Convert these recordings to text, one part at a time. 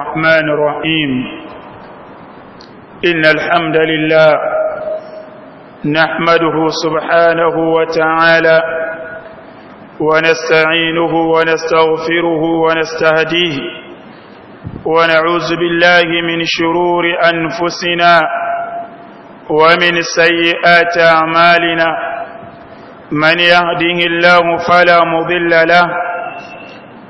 الرحمن الرحيم إن الحمد لله نحمده سبحانه وتعالى ونستعينه ونستغفره ونستهديه ونعوذ بالله من شرور أنفسنا ومن سيئات أعمالنا من يهده الله فلا مضل له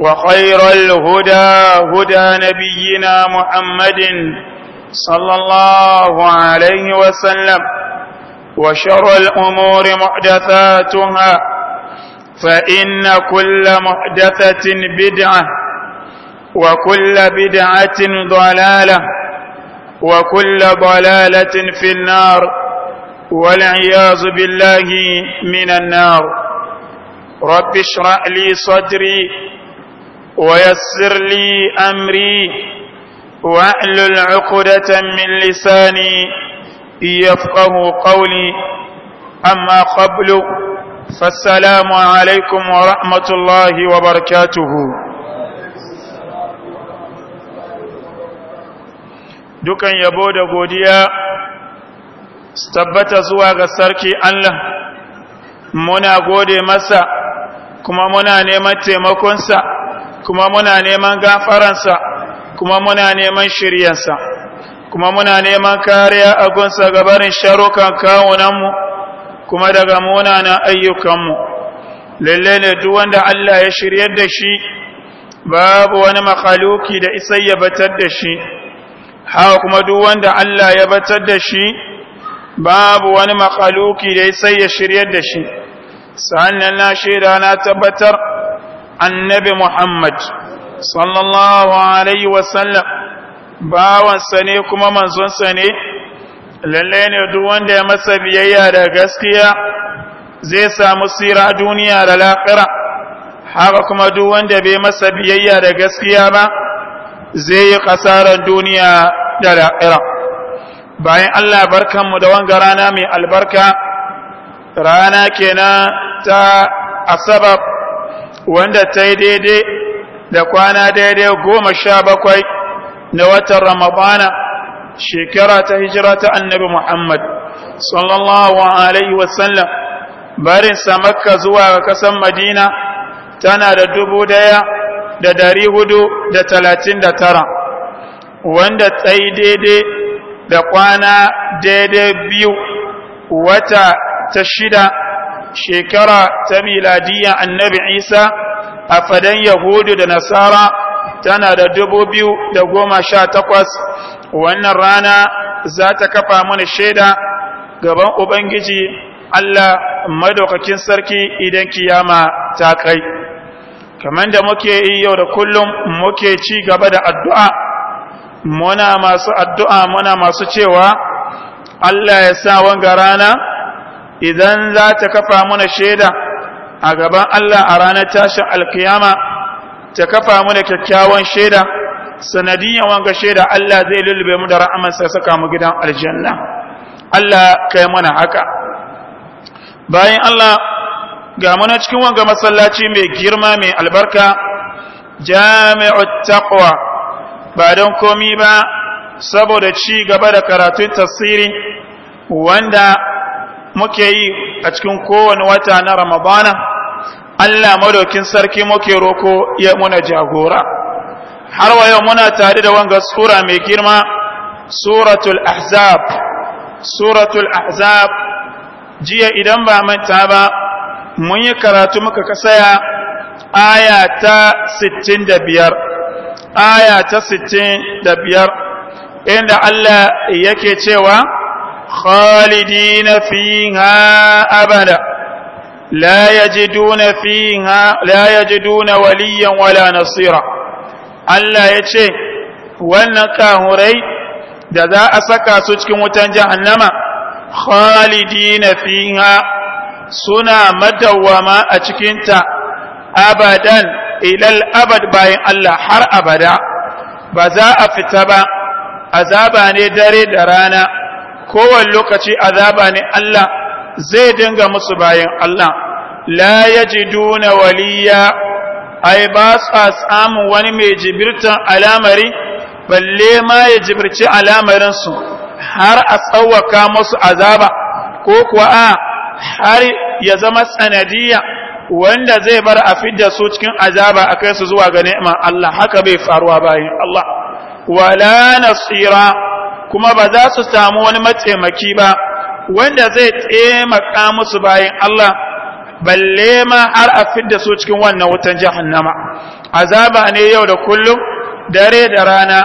وخير الهدى هدى نبينا محمد صلى الله عليه وسلم وشر الأمور محدثاتها فإن كل محدثة بدعة وكل بدعة ضلالة وكل ضلالة في النار والعياذ بالله من النار رب اشرح لي صدري ويسر لي أمري واحلل عقدة من لساني يفقه قولي أما قبل فالسلام عليكم ورحمة الله وبركاته dukan yabo da godiya tabbata zuwa ga sarki Allah muna gode masa kuma muna neman taimakonsa kuma muna neman gafaransa kuma muna neman shiryansa kuma muna neman kariya a gunsa barin sharukan kawunanmu kuma daga munanan ayyukanmu lalle ne duk wanda Allah ya shiryar da shi babu wani makhaluki da isai ya batar da shi Ha kuma duk wanda Allah ya batar da shi babu wani makhaluki da isai ya shiryar da shi sannan na shaida na tabbatar annabi Muhammad sallallahu alaihi wasallam bawansa ne kuma manzonsa ne lalle ne duk wanda ya masa biyayya da gaskiya zai samu sira duniya da lafira haka kuma duk wanda bai masa biyayya da gaskiya ba zai yi kasarar duniya da lafira bayan Allah barkanmu da wanga rana mai albarka rana kenan ta asabar wanda ta yi daidai da kwana daidai goma sha bakwai na watan ramadana shekara ta hijira ta annabi muhammad sallallahu alaihi wasallam barin makka zuwa ga kasan madina tana da dubu daya da dari hudu da talatin da tara wanda ta yi daidai da kwana daidai biyu wata ta shida shekara ta miladiyya annabi isa a fadan yahudu da nasara tana da dubu biyu da goma sha takwas wannan rana za ta kafa mana shaida gaban ubangiji allah madaukakin sarki idan kiyama ta kai kamar da muke yi yau da kullum muke ci gaba da addu'a muna masu addu'a muna masu cewa allah ya sa wanga rana idan za ta kafa mana shaida a gaban Allah a ranar tashin alkiyama ta kafa mu kyakkyawan shaida sanadiyan ga shaida Allah zai lulube mu da ra'amansa saka mu gidan aljanna Allah kai mana haka bayan Allah ga muna cikin wanga masallaci mai girma mai albarka jami'u taqwa ba don komi ba saboda ci gaba da karatun tasiri wanda muke yi a cikin kowane wata na ramadana Allah madaukin sarki muke roko ya muna jagora har wa yau muna tare da wanga sura mai girma suratul ahzab suratul ahzab jiya idan ba manta ba mun yi karatu muka kasaya aya ta 65 aya ta 65 inda Allah yake cewa خالدين فيها أبدا لا يجدون فيها لا يجدون وليا ولا نصيرا Allah ya ce wannan kahurai da za a saka su cikin wutan jahannama khalidina fiha suna madawwama a cikinta abadan ilal abad bayan Allah har abada ba za a fita ba azaba ne dare da rana kowane lokaci azaba ne Allah zai dinga musu bayan Allah la yajiduna waliya ai ba sa samun wani mai jibirtan alamari balle ma ya jibirci alamarinsu har a tsawaka musu azaba ko kuwa a har ya zama sanadiya wanda zai bar a fidda su cikin azaba a kai su zuwa ga ni'man Allah haka bai faruwa bayan Allah wala nasira kuma ba za su samu wani mataimaki ba wanda zai taimaka musu bayan Allah balle ma har a fidda su cikin wannan wutan jahannama azaba ne yau da kullum dare da rana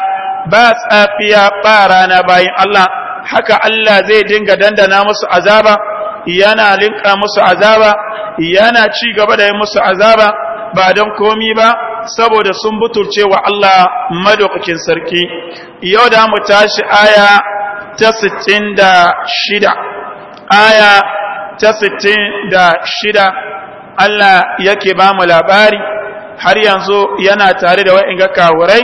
ba tsafiya ba rana bayan Allah haka Allah zai dinga dandana musu azaba yana linka musu azaba yana ci gaba da yi musu azaba ba don komi ba saboda sun butulce wa Allah madaukakin sarki yau da mu tashi aya ta 66 aya ta 66 Allah yake ba mu labari har yanzu yana tare da wa'in ga kawurai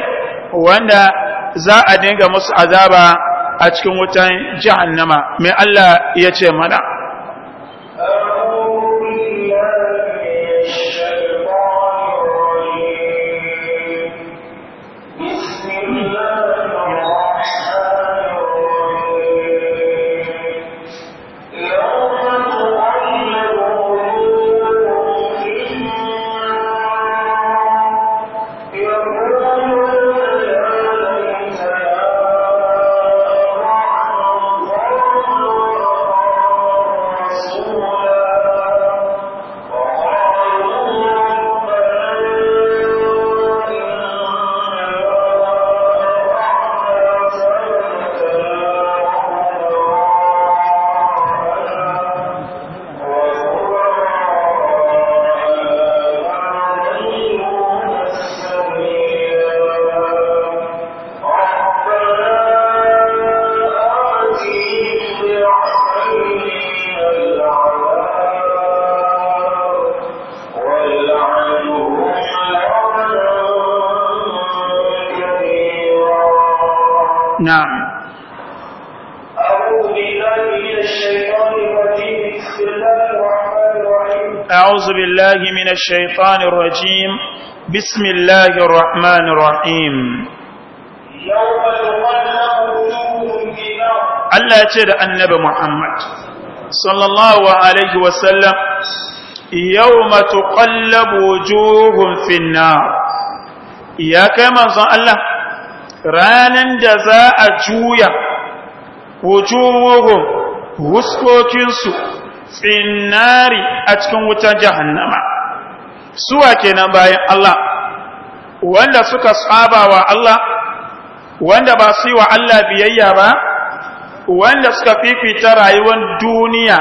wanda za a dinga musu azaba a cikin wutan jahannama mai Allah ya ce mana بالله من الشيطان الرجيم بسم الله الرحمن الرحيم يوم في الله يجد النبي محمد صلى الله عليه وسلم يوم تقلب وجوههم في النار يا كما الله رانا جزاء جويا وجوههم juya wujuhuhum tsinari a cikin wutar jahannama suwa kenan bayan Allah wanda suka saba wa Allah wanda ba su yi wa Allah biyayya ba wanda suka fifita rayuwar duniya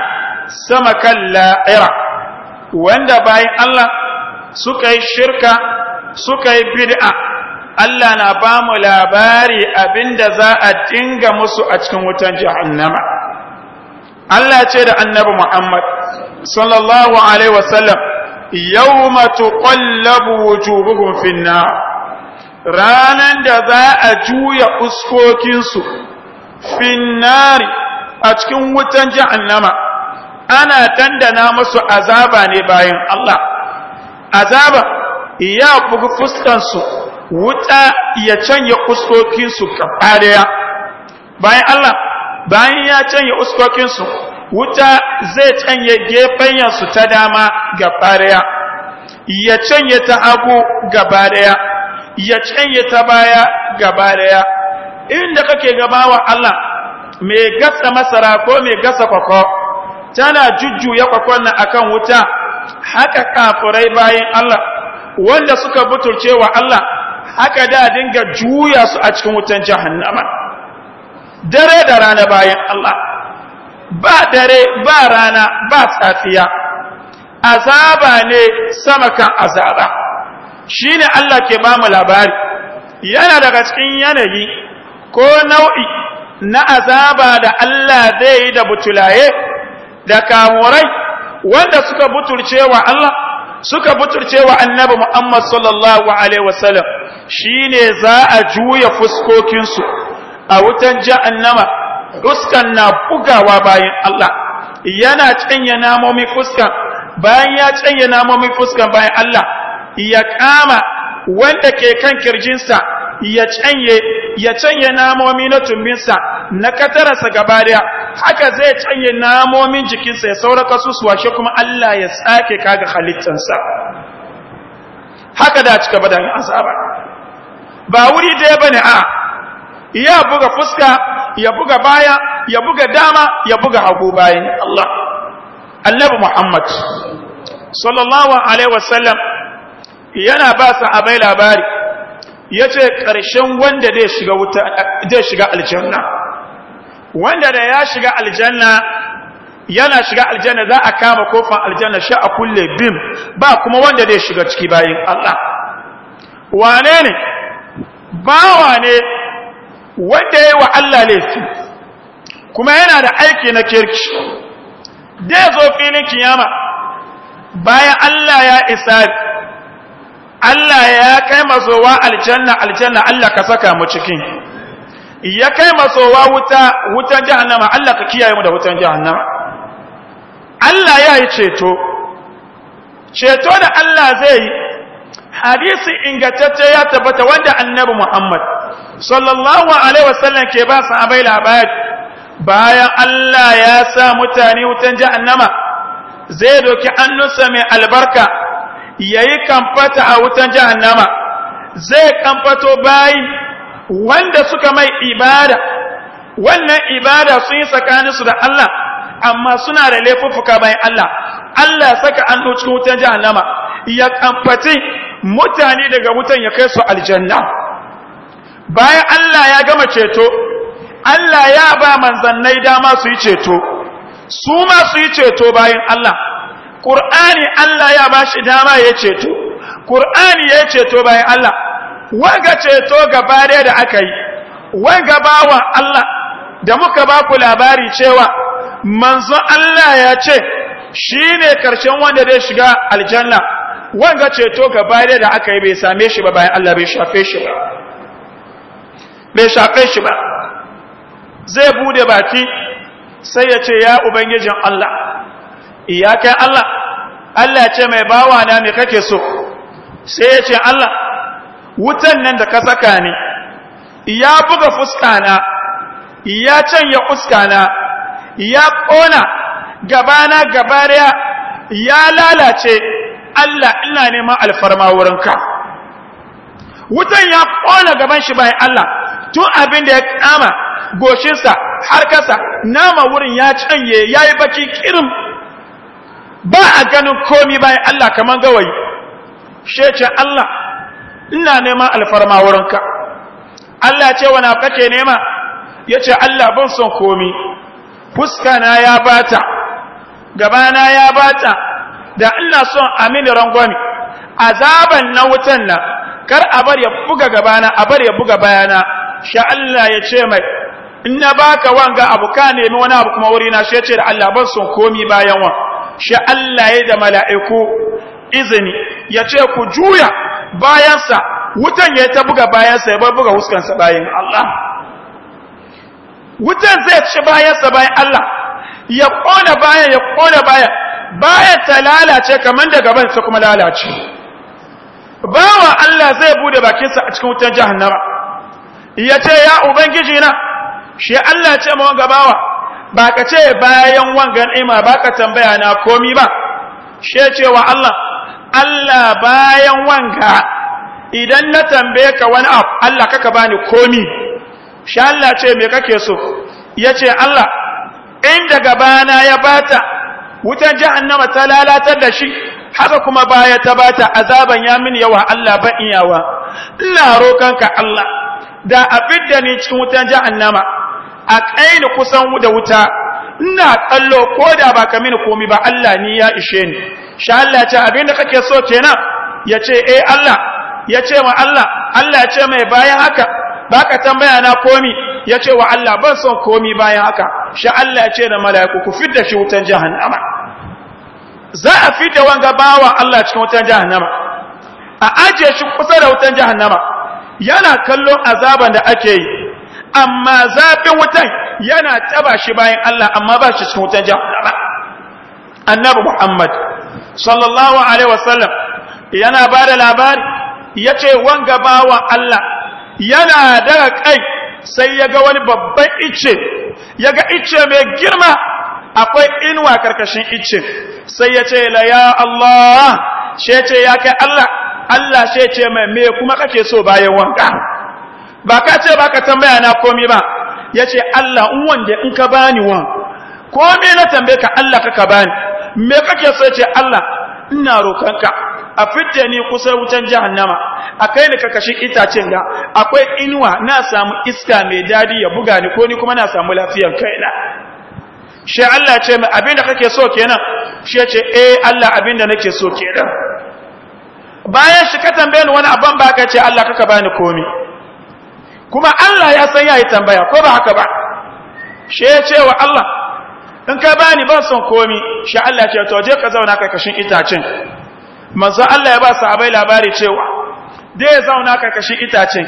sama kan la'ira wanda bayan Allah suka yi shirka suka yi bid'a Allah na ba mu labari abinda za a dinga musu a cikin wutan jahannama Allah ce da annabi Muhammad sallallahu alaihi wasallam yawma tuqallabu wujuhuhum finna ranan da za a juya uskokinsu finnari a cikin wutan jahannama ana dandana musu azaba ne bayan Allah azaba ya bugu fuskansu wuta ya canza uskokinsu gaba daya bayan Allah bayan ya canye uskokinsu wuta zai canye gefanyansu ta dama ga daya ya canye ta hagu gaba daya ya canye ta baya gaba daya inda kake gabawa Allah mai gasa masara ko mai gasa kwakwa tana jujjuya kwakwan na akan wuta haka kafurai bayan Allah wanda suka butulce wa Allah haka da dinga juya su a cikin wutan jahannama dare da rana bayan Allah ba dare ba rana ba safiya azaba ne sama kan azaba ne Allah ke ba mu labari yana daga cikin yanayi ko nau'i na azaba da Allah zai yi da butulaye da kamurai wanda suka butulce wa Allah suka butulce wa annabi Muhammad sallallahu alaihi wasallam shine za a juya fuskokinsu a wutan jahannama fuskan na bugawa bayan Allah yana canye namomi fuskan bayan ya canye namomi fuskan bayan Allah ya kama wanda ke kan kirjinsa ya canye ya canye namomi na tumbinsa na katararsa gaba daya haka zai canye namomin jikinsa ya sauraka susuwa shi kuma Allah ya sake kaga halittansa haka da cika badan azaba ba wuri daya bane a ya buga fuska ya buga baya ya buga dama ya buga hagu bayan Allah annabi Muhammad sallallahu alaihi wasallam yana ba abai labari yace karshen wanda zai shiga wuta zai shiga aljanna wanda da ya shiga aljanna yana shiga aljanna za a kama kofar aljanna shi a kulle bim ba kuma wanda zai shiga ciki bayin Allah wane ne bawa ne wanda ya wa Allah laifi kuma yana da aiki na kirki da zo filin kiyama bayan Allah ya isa Allah ya kai masowa aljanna aljanna Allah ka saka mu cikin ya kai masowa wuta wutan jahannama Allah ka kiyaye mu da wutan jahannama Allah ya yi ceto ceto da Allah zai yi hadisi ingantacce ya tabbata wanda annabi Muhammad sallallahu alaihi wasallam ke ba sahabbai labari bayan Allah ya sa mutane wutan jahannama zai doki annunsa mai albarka yayi kamfata a wutan jahannama zai kamfato bayi wanda suka mai ibada wannan ibada sun yi tsakaninsu da Allah amma suna da laifuffuka bayan Allah Allah saka annu cikin wutan jahannama ya kamfati mutane daga wutan ya kai su aljanna bayan Allah ya gama ceto Allah ya ba manzannai dama su yi ceto su ma su yi ceto bayan Allah ƙur'ani Allah ya ba shi dama ya ceto ƙur'ani ya ceto bayan Allah wanga ceto gaba da aka yi wanga bawa Allah da muka ba ku labari cewa manzo Allah ya ce shi ne ƙarshen wanda zai shiga aljanna wanga ceto gaba da aka yi bai same shi ba bayan Allah bai shafe shi ba bai shafe shi ba zai bude baki sai ya ce ya ubangijin Allah kai Allah Allah ce mai bawa na me kake so sai ya ce Allah wutan nan da ka saka ni ya buga fuska fuskana ya canya fuskana ya ƙona gabana gabariya ya lalace Allah ina neman alfarma wurinka wutan ya ƙona gaban shi bai Allah tun abin da ya kama goshinsa har kasa nama wurin ya canye ya yi baki kirim ba a ganin komi bayan Allah kamar gawayi sheche Allah ina nema alfarma wurinka Allah ce wana kake nema ya ce Allah ban son komi fuska na ya bata gabana ya bata da ina son amini rangwami azaban na wutan na, kar a bar ya buga gabana a bar ya buga bayana shi Allah ya ce mai in na baka wanga abu ka nemi wani abu kuma wuri na shi ya ce da Allah ban son komi bayan wa shi Allah ya da mala'iku izini ya ce ku juya bayansa wutan ya ta buga bayansa ya bar buga huskansa bayan Allah wutan zai ci bayansa bayan Allah ya kona bayan ya kona bayan bayan ta lalace kamar da gaban sa kuma lalace bawa Allah zai bude bakinsa a cikin wutan jahannama ya ce ya ubangiji na shi Allah ce ma gabawa ba ka ce bayan wangan ima ba ka tambaya na komi ba shi cewa Allah Allah bayan wanga idan na tambaye ka wani abu Allah kaka bani komi shi Allah ce me kake so ya ce Allah in daga bana ya bata wutan jahannama ta lalatar da shi haka kuma baya ta bata azaban ya mini yawa Allah ban iyawa ina ka Allah da abin da ni cikin wutan jahannama a kaini kusan da wuta ina kallo ko da ba ka mini komi ba Allah ni ya ishe ni sha Allah ya ce abin da kake so kenan ya ce eh Allah ya ce ma Allah Allah ya ce mai bayan haka ba ka tambaya na komi ya ce wa Allah ban son komi bayan haka sha Allah ya ce da mala'iku ku fidda shi wutan jahannama za a fidda wanga bawa Allah cikin wutan jahannama a ajiye shi kusa da wutan jahannama yana kallon azaban da ake yi amma zafin wutan yana taba shi bayan Allah amma ba shi cikin wutan jahannama annabi Muhammad sallallahu alaihi wasallam yana ba da labari yace wanga bawa Allah yana daga kai sai ya ga wani babban icce ya ga icce mai girma akwai inuwa karkashin icce sai ce la ya Allah shi yace ya kai Allah Allah sai ce mai me kuma kake so bayan wanka ba ka ce ba ka tambaya na komi ba yace ce Allah in wanda in ka bani wa komi na tambaye ka Allah ka ka bani me kake so ya ce Allah ina roƙonka a fitte ni kusa wutan jahannama a kai ni ka kashi itacen da akwai inuwa na samu iska mai dadi ya buga ni ko ni kuma na samu lafiyar kaina shi Allah ce mai abinda kake so kenan shi ya ce eh Allah abinda nake so kenan bayan shi ka tambaye ni wani abban baka ce Allah kaka bani komi kuma Allah ya san yayi tambaya ko ba haka ba she ya ce wa Allah in ka bani ba son komi shi Allah ce to je ka zauna karkashin itacen manzo Allah ya ba abai labari cewa dai ya zauna karkashin itacen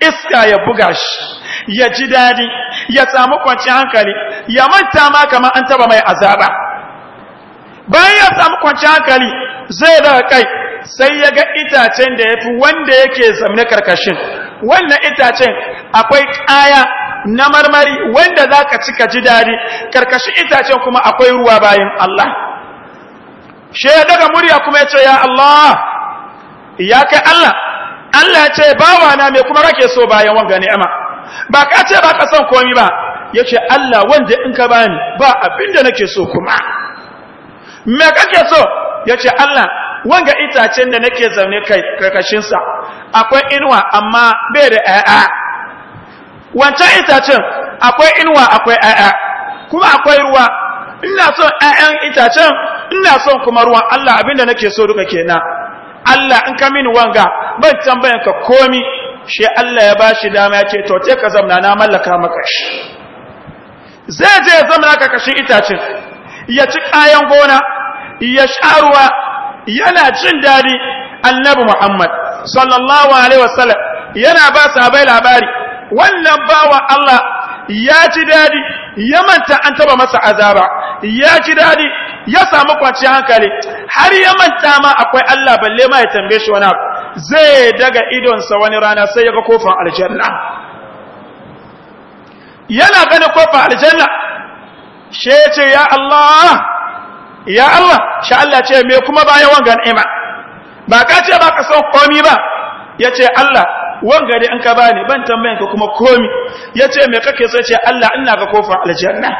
iska ya buga shi ya ji dadi ya samu kwanciyar hankali ya manta ma kamar an taba mai azaba bayan ya samu kwanciyar hankali zai da kai sai ya ga itacen da ya fi wanda yake zamne karkashin wannan itacen akwai kaya na marmari wanda za ka ci ka ji daɗi karkashin itacen kuma akwai ruwa bayan Allah shi ya daga murya kuma ya ce ya Allah ya kai Allah Allah ya ce na mai kuma kake so bayan wanga ni'ama ba ka ce ba ka son komi ba Ya ce Allah wanda in ka bani ba abinda nake so kuma me kake so Ya ce Allah wanga itacen da nake zaune kai karkashinsa akwai inuwa amma bai da ‘ya'ya wancan itacen akwai inuwa akwai ‘ya'ya kuma akwai ruwa ina son ‘ya'yan itacen ina son kuma ruwan Allah abinda nake so duka kenan Allah in ka mini wanga ban tambayan ka komi shi Allah ya bashi dama yake to te ka zamna na mallaka maka shi zai je ya zamna karkashin itacen ya ci kayan gona ya sha ruwa yana cin daɗi annabi Muhammad sallallahu alaihi wasallam yana ba bai labari wannan bawa Allah ya ci daɗi ya manta an taba masa azaba ya ci daɗi ya samu kwanciyar hankali har ya manta ma akwai Allah balle ma ya tambaye shi wani abu zai daga idonsa wani rana sai ya ga kofar aljanna yana ganin kofar aljanna shi ya ce ya Allah ya Allah sha Allah ce me kuma baya wanga ima ba ka ce ba ka son komi ba yace Allah wanga dai an ka bani ban tambayan ka kuma komi yace me kake so ce Allah ina ga kofar aljanna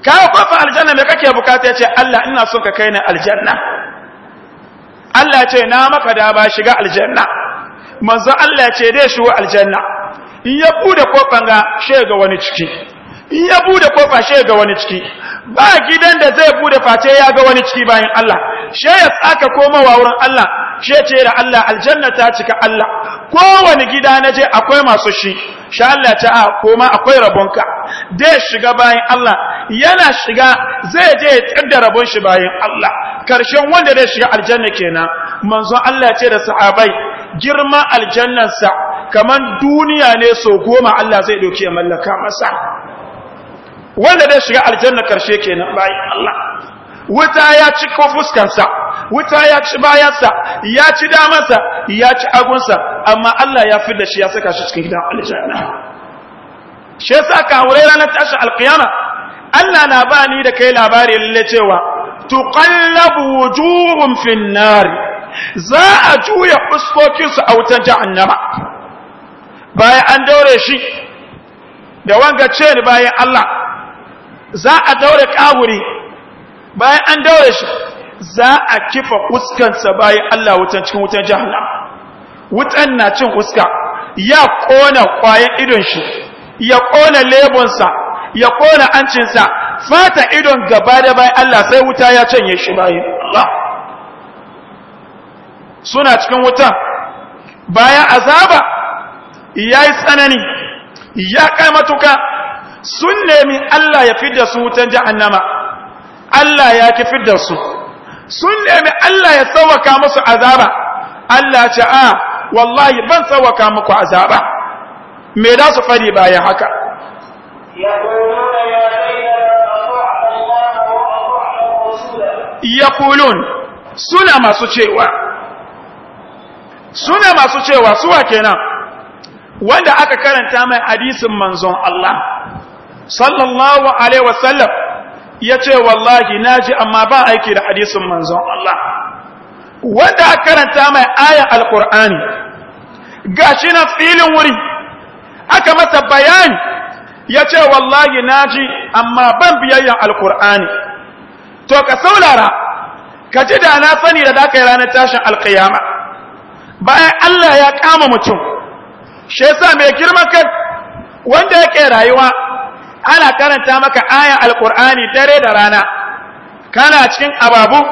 ka kofar aljanna me kake bukata yace Allah ina son ka kai ni aljanna Allah ce na maka da ba shiga aljanna manzo Allah ce dai shigo aljanna in ya bude kofar ga shega wani ciki in ya bude kofar shega wani ciki ba gidan da zai bude face ya ga wani ciki bayan Allah she ya tsaka komawa wurin Allah she ce da Allah aljanna ta cika Allah kowane gida na je akwai masu shi sha Allah ta koma akwai rabonka dai shiga bayan Allah yana shiga zai je ya rabon shi bayan Allah karshen wanda zai shiga aljanna kenan manzon Allah ce da sahabbai girma aljannansa kaman duniya ne so goma Allah zai ya mallaka masa wanda zai shiga aljanna karshe kenan bayan Allah wuta ya ci ko fuskansa wuta ya ci bayansa ya ci damansa ya ci agunsa amma Allah ya fi da shi ya saka shi cikin gidan aljanna shi yasa ka wurai ranar tashi al'qiyama? Allah na ba ni da kai labari lalle cewa tuqallabu wujuhum fin nar za a juya fuskokin su a wutar jahannama bayan an daure shi da wanga ce bayan Allah za a daure kaguri bayan an daure shi za a kifa fuskansa bayan Allah wutan cikin wutan jahannam wutan na cin uska ya kona kwayan idon shi ya kona lebonsa ya kona ancinsa fata idon gaba da bayan Allah sai wuta ya canye shi bayan Allah suna cikin wutan bayan azaba ya yi tsanani ya kai matuka sun nemi Allah ya fidda su wutan jahannama Allah ya ki fidda su sun nemi Allah ya sawaka musu azaba Allah ce a ah, wallahi ban sawaka muku azaba me da su fari bayan haka yaqulun suna masu cewa suna masu cewa suwa kenan wanda aka karanta mai hadisin manzon Allah sallallahu alaihi wasallam ya ce wallahi na ji amma ba aiki da hadisin manzon Allah wanda a karanta mai aya alkur'ani ga shi na filin wuri aka masa bayani ya ce wallahi na ji amma ban biyayyan alkur'ani to ka saulara ka ji da na sani da za ka yi ranar tashin alkiyama bayan Allah ya kama mutum shi yasa mai girma kai wanda yake rayuwa ana karanta maka aya alkur'ani dare da rana kana cikin ababu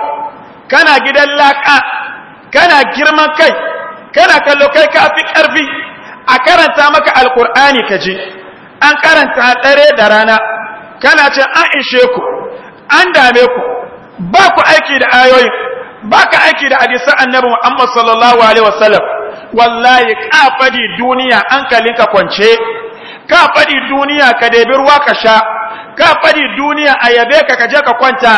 kana gidan laka kana girman kai kana kallo kai ka fi karfi a karanta maka alkur'ani ka ji an karanta dare da rana kana cin an ishe ku an dame ku ba ku aiki da ayoyi ba ka aiki da hadisan annabi Muhammad sallallahu alaihi wasallam wallahi kafadi duniya an kalinka kwance ka faɗi duniya ka debi ruwa ka sha ka faɗi duniya ayabe ka ka je ka kwanta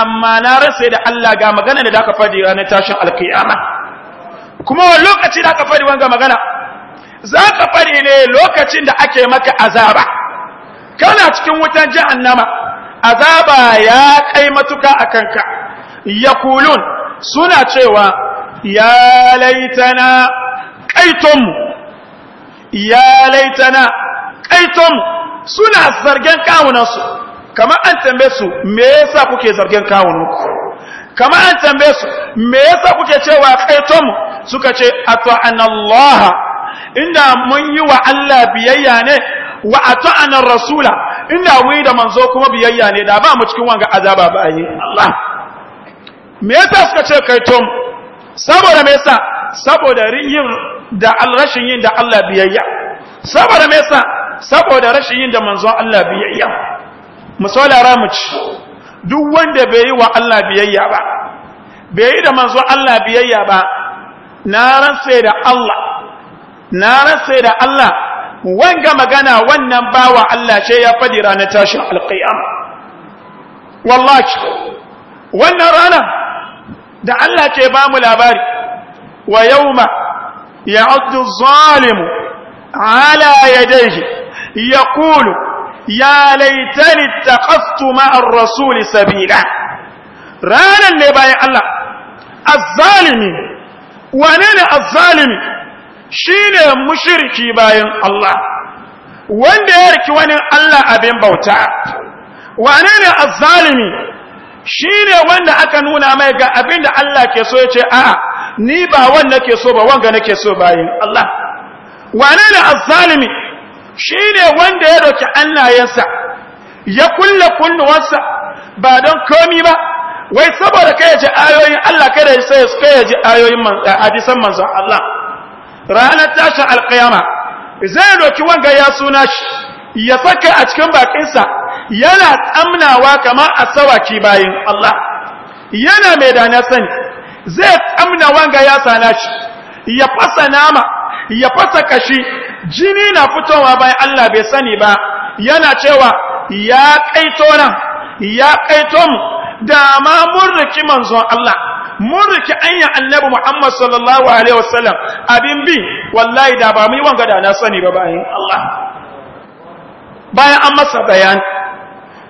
amma na rasa da Allah ga magana da ka faɗi ranar tashin alkiyama kuma wani lokaci da ka faɗi wanga magana za ka faɗi ne lokacin da ake maka azaba kana cikin wutan jahannama azaba ya kai matuka a kanka yakulun suna cewa ya laitana kaitonmu ya laitana kaiton suna zargen kawunansu kamar an tambaye su me yasa kuke zargen kawunanku kamar an tambaye su me yasa kuke cewa kaiton suka ce ata'ana Allah inda mun yi wa Allah biyayya ne wa ata'ana rasula inda mun yi da manzo kuma biyayya ne da ba mu cikin wanga azaba ba yi Allah me yasa suka ce kaiton saboda me yasa saboda yin da rashin yin da Allah biyayya saboda me yasa saboda rashin yin da manzon Allah biyayya misali ramuci duk wanda bai yi wa Allah biyayya ba bai yi da manzon Allah biyayya ba na ransa da Allah na ransa da Allah wanga magana wannan bawa Allah ce ya fadi ranar tashin alqiyam wallahi wannan rana da Allah ke ba mu labari wa yawma ya'uddu zalimu ala yadayhi يقول ya ليتني اتخذت مع الرسول Ranan ne bayan Allah azzalimi wane ne azzalimi shine mushriki bayan Allah wanda ya riki wani Allah abin bauta wane ne azzalimi shine wanda aka nuna mai ga abin da Allah ke so ya ce a'a ni ba wanda ke so ba wanga nake so bayan Allah wane ne azzalimi shi ne wanda ya ɗauki annayensa ya kulle kunnuwansa ba don komi ba wai saboda kai ji ayoyin Allah kada ya sai kai ji ayoyin eh, hadisan manzon Allah ranar tashin alƙiyama zai ɗauki wanga ya suna shi ya saka a cikin bakinsa yana tsamnawa kamar a sawaki bayin Allah yana mai dana sani zai tsamna wanga ya sana shi ya fasa nama ya fasa kashi jini na fitowa bayan Allah bai sani ba yana cewa ya kaito nan ya kaito mu da ma mun manzon Allah mun riki anya annabi Muhammad sallallahu alaihi wasallam abin bi wallahi da ba mu wanga da na sani ba bayan Allah bayan an masa bayani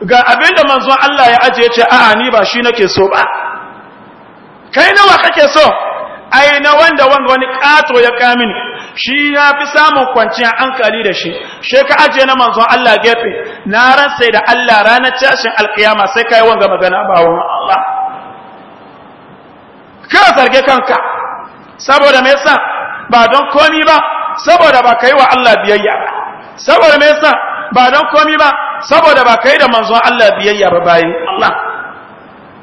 ga abinda da manzon Allah ya aje ce a'a ni ba shi nake so ba kai nawa kake so ai na wanda wanga wani kato ya kamini shi ya fi samun kwanciyar hankali da shi shi ka ajiye na manzon Allah gefe na sai da Allah ranar tashin alkiyama sai ka yi wanga magana ba wa Allah Ka zarge kanka saboda me yasa ba don komi ba saboda ba ka yi wa Allah biyayya ba saboda me yasa ba don komi ba saboda ba ka yi da manzon Allah biyayya ba bayan Allah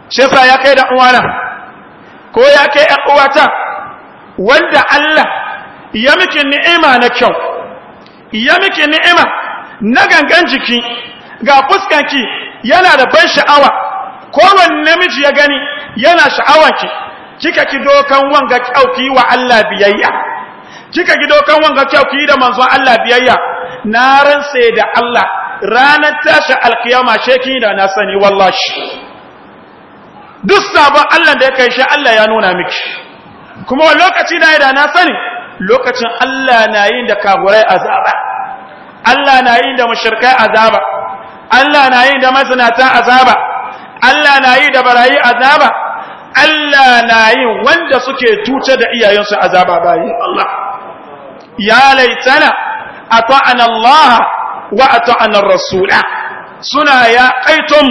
shi yasa ya kai da uwana ko ya kai ƴan uwata wanda Allah ya miki ni'ima na kyau ya ni'ima na gangan jiki ga fuskanki yana da ban sha'awa kowane namiji ya gani yana sha'awanki kika ki dokan wanga kyauki wa Allah biyayya kika ki dokan wanga kyauki da manzon Allah biyayya na ran sai da Allah ranar tashi alkiyama sheki da na sani wallahi duk sabon Allah da ya kai shi Allah ya nuna miki kuma lokaci da ya na sani lokacin Allah na yi da kagurai azaba Allah na yi da mushrikai azaba Allah na yi da masanata azaba Allah na yi da barayi azaba Allah na yi wanda suke tuce da iyayensu azaba bayi Allah ya laitana ta’an Allah wa ata'ana rasula suna ya kaitun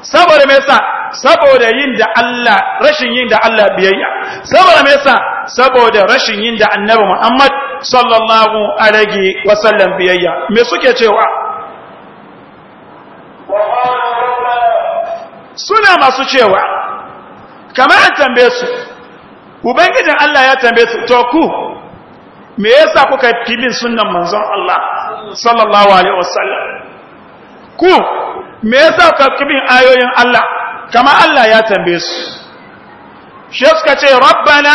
saboda mai sa. saboda yin da Allah rashin yin da Allah biyayya saboda me yasa saboda rashin yin da annabi Muhammad sallallahu alaihi wasallam biyayya me suke cewa suna masu cewa kamar an tambaye su ubangijin Allah ya tambaye su to ku me yasa kuka filin sunnan manzon Allah sallallahu alaihi wasallam ku me yasa kuka kibin ayoyin Allah kama Allah ya tambaye su shi suka ce rabbana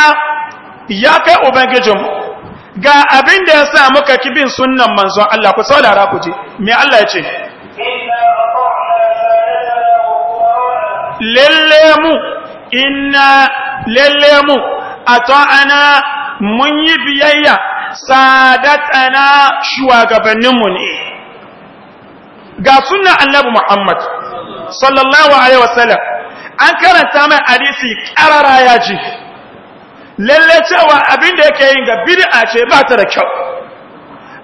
ya kai ubangijin ga abin da ya sa muka kibin sunnan manzon Allah ku saurara ku ji me Allah ya ce lalle mu inna lalle ata'ana mun yi biyayya sadatana mu ne ga sunnan annabi Muhammad sallallahu alaihi wasallam an karanta mai hadisi karara ya ji lalle cewa abin da yake yin ga bid'a ce ba ta da kyau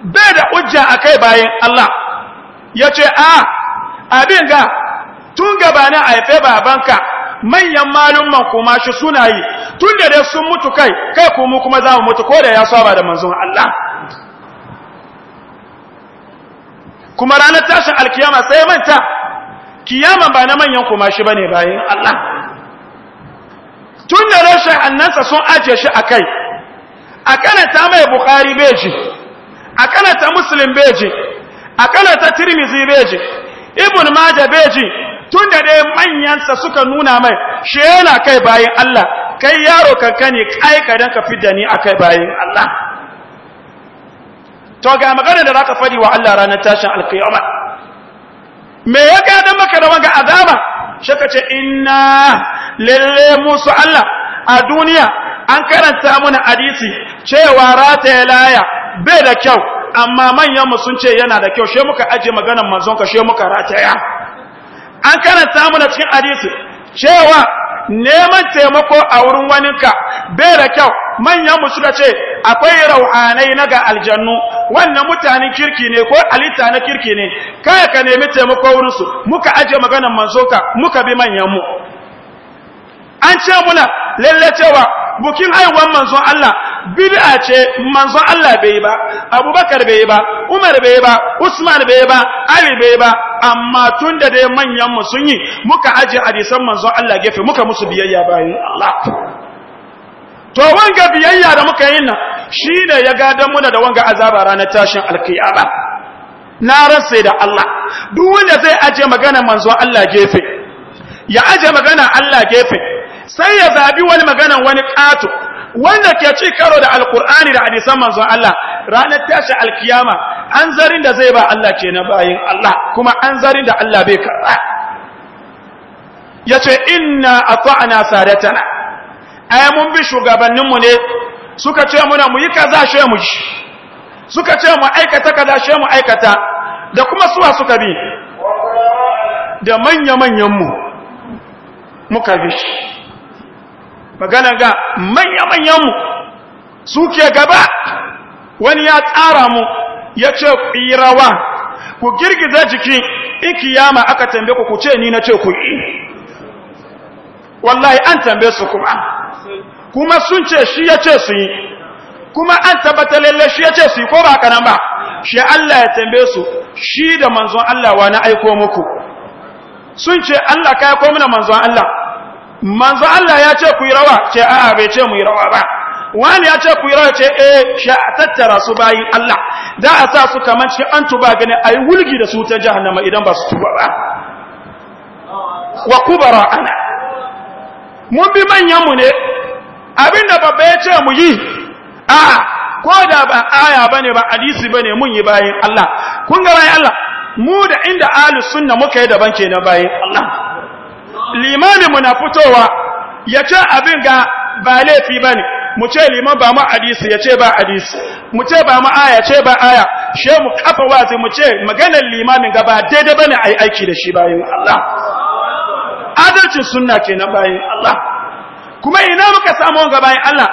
bai da hujja akai bayan Allah yace a abin ga tun gabanin haife babanka manyan malumman kuma shi suna yi tun da dai sun mutu kai kai kuma kuma za mu mutu ko da ya saba da manzon Allah kuma ranar tashin alkiyama sai manta kiyama ba na manyan kuma shi ne bayan Allah tun da rashin annansa sun ajiye shi a kai a kanata mai bukari beji a kanata muslim beji a kanata tirmizi beji ibn maja beji tun da dai manyansa suka nuna mai shi yana kai bayan Allah kai yaro kankani kai kadan ka fidda ni akai bayan Allah to ga magana da zaka fadi wa Allah ranar tashin alkiyama me ya gada maka da wanga azaba shaka ce inna lalle musu Allah a duniya an karanta mana hadisi cewa rata laya bai da kyau amma manyan mu sun ce yana da kyau she muka aje maganar manzon ka she muka rataya an karanta mana cikin hadisi cewa neman taimako a wurin wani ka, bai da kyau manyan mu suka ce akwai rauhanai na ga aljannu wannan mutanen kirki ne ko alita na kirki ne kaya ka nemi taimako wurinsu muka aje maganan manzo ka muka bi manyan mu an ce muna lallacewa, bukin haihuwar manzon Allah bid'a ce manzon Allah bai ba Abubakar bai ba Umar bai ba Usman bai ba Ali bai ba amma tun da dai manyan mu sun yi muka aje hadisan manzon Allah gefe muka musu biyayya bayan Allah to wanga biyayya da muka yi nan shine ya gadan muna da wanga azaba ranar tashin alkiyama na rasa da Allah duk wanda zai aje magana manzon Allah gefe ya aje magana Allah gefe sai ya zabi wani magana wani kato wanda ke ci karo da alkur'ani da hadisan manzon Allah ranar tashi alkiyama an zarin da zai ba Allah ke na bayin Allah kuma an zarin da Allah bai karɓa ya ce inna a ta'ana sadatana ai mun bi shugabanninmu ne suka ce muna mu yi kaza shi mu shi suka ce mu aikata kaza shi mu aikata da kuma suwa suka bi da manya-manyanmu muka bi magana ga manya-manyanmu suke gaba wani ya tsara mu ya ce rawa, ku girgiza jiki in kiyama aka tambe ku ku ce ni na ce ku yi wallahi an tambe su kuma kuma sun ce shi ya ce su yi kuma an tabbata lalle shi ya ce su yi ko ba kanan ba shi Allah ya tambaye su shi da manzon Allah wa na aiko muku sun ce Allah ka aiko mana manzon Allah manzo Allah ya ce ku yi rawa ce a'a bai ce mu yi rawa ba wani ya ce ku yi rawa ce eh sha tattara su bayin Allah da a sa su kamar cikin an tuba gani ayi wulgi da su ta jahannama idan ba su tuba ba wa kubara ana mun bi manyan mu ne abinda babba ya ce mu yi a ko da ba aya bane ba hadisi bane mun yi bayin Allah kun ga bayin Allah mu da inda ahlus sunna muka yi daban kenan bayin Allah limamin mu na fitowa ya ce abin ga ba laifi ba ne mu ce liman ba mu hadisi ya ce ba hadisi mu ce ba mu aya ce ba aya she mu kafa wazi mu ce maganar limamin ga ba daidai ba ne a yi aiki da shi bayan Allah adalcin ke kenan bayan Allah kuma ina muka samu ga bayan Allah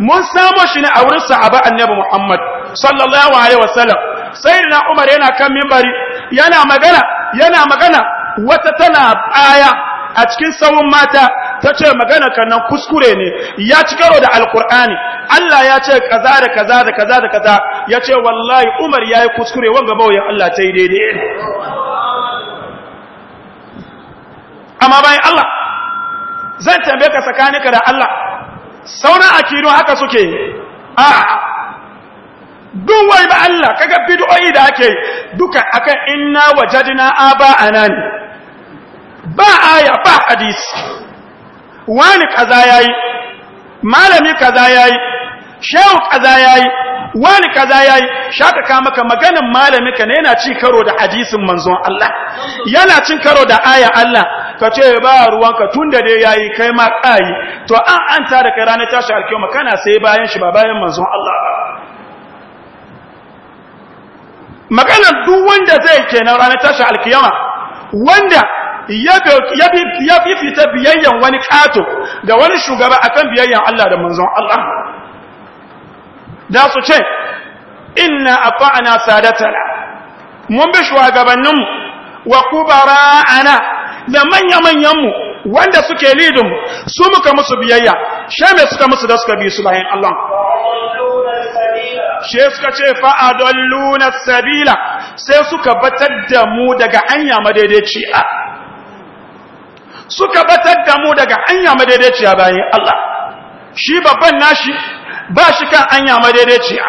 mun samo shi ne a wurin sahaba annabi Muhammad sallallahu alaihi wasallam sayyidina Umar yana kan mimbari, yana magana yana magana wata tana aya a cikin sawun mata ta ce magana kannan kuskure ne ya ci karo da alkur'ani Allah ya ce kaza da kaza da kaza da kaza ya ce wallahi umar ya yi kuskure wanga bauyin Allah ta yi daidai amma bayan Allah zan tambe ka tsakaninka da Allah a akidu haka suke a duwai ba Allah kaga bid'o'i da ake duka akan inna wajadna aba'ana ne ba aya ba hadisi wani kaza yayi malami kaza yayi shehu kaza yayi wani kaza yayi shaka ka maka maganin malami ka ne yana cin karo da hadisin manzon Allah yana cin karo da aya Allah ka ce ba ruwan ruwanka tunda dai yayi kai ma kai to an an da kai ranar tashi alkiyama kana sai bayan shi ba bayan manzon Allah maganar duk wanda zai kenan ranar tashi alkiyama wanda ya fifita biyayyan wani kato da wani shugaba akan biyayyan Allah da manzon Allah da su ce inna fa'ana sadatana mun bi shugabanninmu wa ana da manya-manyanmu wanda suke lidin su muka musu biyayya she me suka musu da suka bi su bayan Allah she suka ce fa'adalluna sabila sai suka batar da mu daga hanya madaidaiciya suka batar da mu daga hanya madaidaiciya bayan Allah shi babban nashi ba shi kan hanya madaidaiciya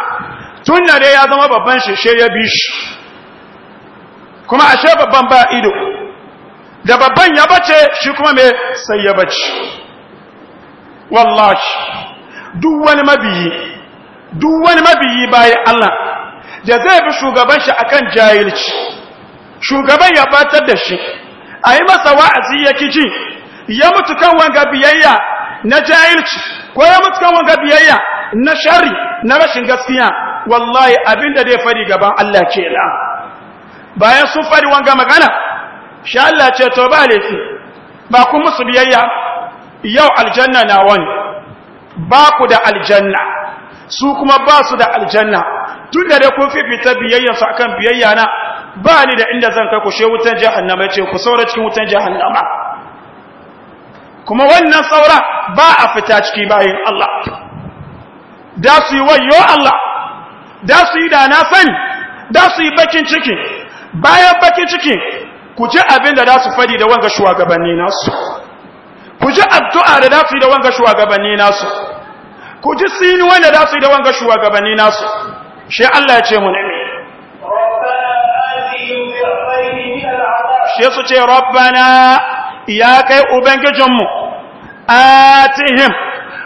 tun da ya zama babban shi ya bi shi kuma ashe babban ba ido da babban ya bace shi kuma mai sai ya bace wallahi duk wani mabiyi duk wani mabiyi bayan Allah da zai bi shugaban shi akan jahilci shugaban ya batar da shi a yi masa wa'azi ya kici ya mutu kan wanga biyayya na jahilci ko ya mutu kan wanga biyayya na shari na rashin gaskiya wallahi abinda dai fari gaban Allah ke la bayan sun fari wanga magana sha Allah ce to ba laifi ba ku musu biyayya yau aljanna na wani ba ku da aljanna su kuma ba su da aljanna tun da dai kun fifita biyayyansu akan biyayya na ba ni da inda zan kai ku she wutan jahannama yace ku saura cikin wutan jahannama kuma wannan saura ba a fita ciki bayin Allah da su yi wayo Allah da su yi da na sani da su yi bakin ciki bayan bakin ciki ku ji abin da za su fadi da wanga shugabanni nasu ku ji addu'a da za su yi da wanga shugabanni nasu ku ji sinu wanda za su yi da wanga shugabanni nasu shi Allah ya ce mu ne sai su ce rabbana ya kai ubangijinmu atihim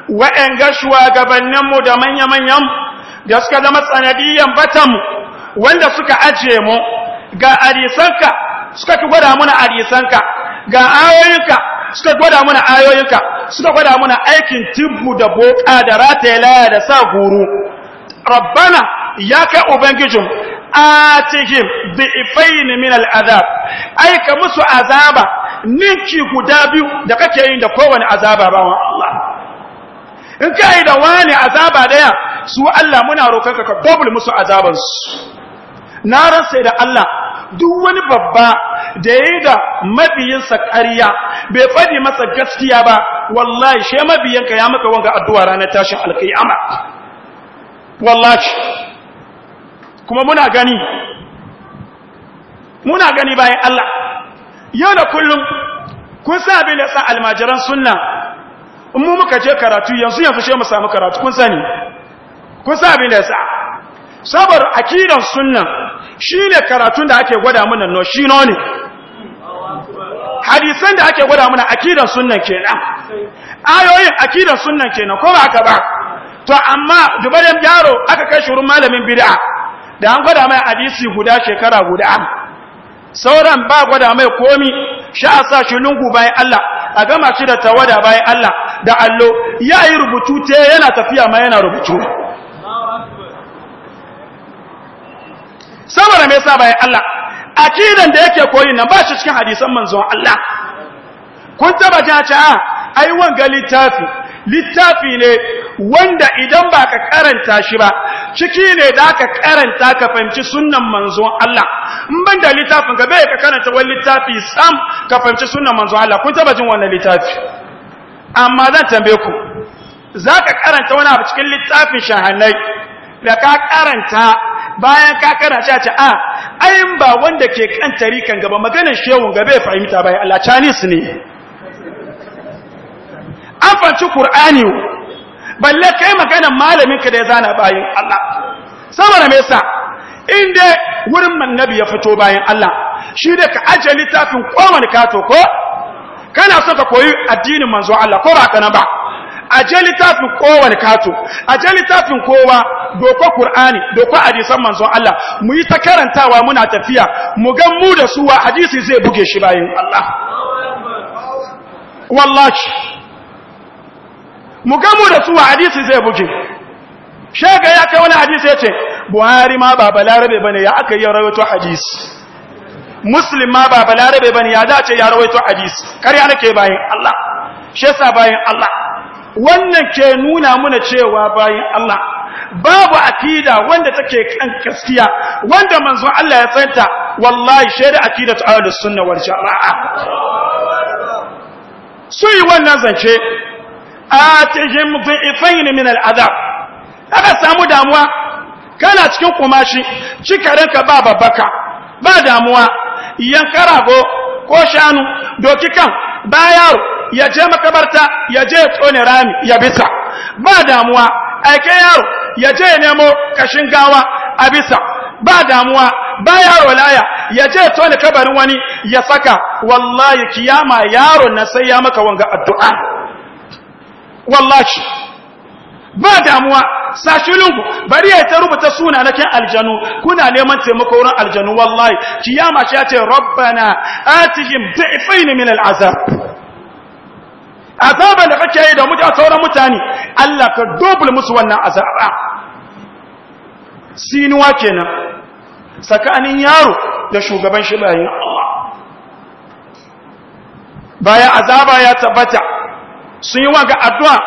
wa'anga shugabanninmu da manya-manyan da suka zama tsanadiyan batanmu wanda suka ajiye mu ga arisanka suka gwada muna arisanka ga ayoyinka suka gwada muna ayoyinka suka gwada muna aikin tibbu da boka da rataya da sa guru rabbana ya kai ubangijinmu atihim dhifain min al'azab ai ka musu azaba ninki guda biyu da kake yin da kowane azaba ba wa Allah in ka yi da wani azaba daya su Allah muna roƙon ka double musu azaban su na ran sai da Allah duk wani babba da yayi da sa ƙarya bai fadi masa gaskiya ba wallahi she mabiyanka ya maka wanga addu'a ranar tashin alƙiyama wallahi kuma muna gani muna gani bayan Allah yau da kullum kun sa abin da sa almajiran sunna in mu muka je karatu yanzu yanzu shi mu samu karatu kun sani kun sa abin da sa sabar akidan sunna shine karatun da ake gwada mana no shi no ne hadisan da ake gwada mana akidan sunna kenan ayoyin akidan sunna kenan ko ba ka ba to amma dubaren yaro aka kai shurun malamin bid'a da an gwada mai hadisi guda shekara guda sauran ba gwada mai komi sha a sa shi lungu bayan Allah a gama shi da tawada bayan Allah da allo ya yi rubutu te yana tafiya ma yana rubutu saboda mai sa bayan Allah a akidan da yake koyi nan ba shi cikin hadisan manzon Allah kun taba ta a ah, ai wanga littafi littafi ne wanda idan ba ka karanta shi ba ciki ne da ka karanta ka fahimci sunan manzon Allah in ban da littafin ka bai ka karanta wani littafi sam ka fahimci sunan manzon Allah kun taba jin wannan littafi amma zan tambaye ku za ka karanta wani abu cikin littafin shahannai da ka karanta bayan ka karanta ce a ayin ba wanda ke kan tarikan gaba maganar shehun gaba ya fahimta bai Allah canis ne an fanci Kur'ani balle kai maganan malamin ka da ya zana bayan Allah saboda me yasa inda wurin annabi ya fito bayan Allah shi da ka aje littafin koman kato ko kana so ka koyi addinin manzo Allah ko ba kana ba aje littafin kowane kato aje littafin kowa doko qur'ani doko hadisan manzo Allah mu yi ta karantawa muna tafiya mu gan mu da suwa hadisi zai buge shi bayan Allah wallahi mu gamu da su hadisi zai buge shega ya kai wani hadisi ya ce buhari ma ba balarabe bane ya aka yi rawaito hadisi muslim ma ba balarabe bane ya dace ya rawaito hadisi kariya nake bayin Allah shesa bayin Allah wannan ke nuna muna cewa bayin Allah babu akida wanda take kan gaskiya wanda manzon Allah ya tsanta wallahi shaida akidatu ahlus sunna wal jamaa su yi wannan zance atihim dhifain min al'adab kada samu damuwa kana cikin kumashi ka ba babbaka ba damuwa yankarago ko shanu doki kan ba yaro ya je makabarta ya je tsone rami ya bisa ba damuwa aike yaro ya je nemo kashin gawa a bisa ba damuwa ba yaro laya ya je tsone kabarin wani ya saka wallahi kiyama yaro na sai ya maka wanga addu'a Wallaci, ba damuwa sashilinku, bari ya ta rubuta suna na kin aljanu kuna neman taimako wurin aljanu wallahi kiyama ce ce rabbana atihim bi'fayn min al'azab Azaban da kake yi da mutane sauran mutane Allah ka double musu wannan azaba sinuwa kenan tsakanin yaro da shugaban shi bayan Allah bayan azaba ya tabbata sun yi ga addu'a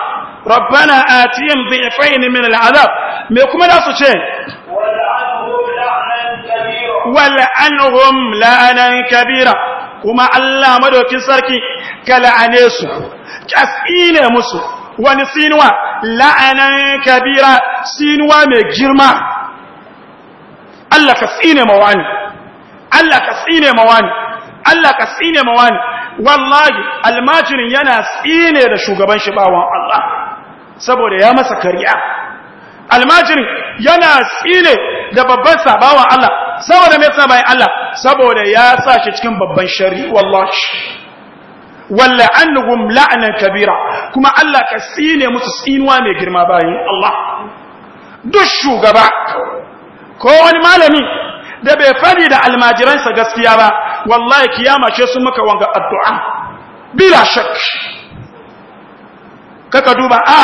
rabbana atihim dhi'fayn min al'azab me kuma da su ce wal'anhum la'anan kabira kuma Allah madaukin sarki ka la'ane su kasine musu wani sinuwa la'anan kabira sinuwa mai girma Allah ka tsine mawani Allah ka tsine mawani Allah ka tsine ma wani wallahi almajirin yana tsine da shugaban shi bawan Allah saboda ya masa kariya almajirin yana tsine da babban sabawan Allah saboda mai sabayin Allah saboda ya sa shi cikin babban shari wallahi walla annahum la'nan kabira kuma Allah ka tsine musu tsinuwa mai girma bayin Allah duk shugaba ko wani malami da bai fari da almajiransa gaskiya ba wallahi kiyama ce sun maka wanga addu'a bila shak kaka duba a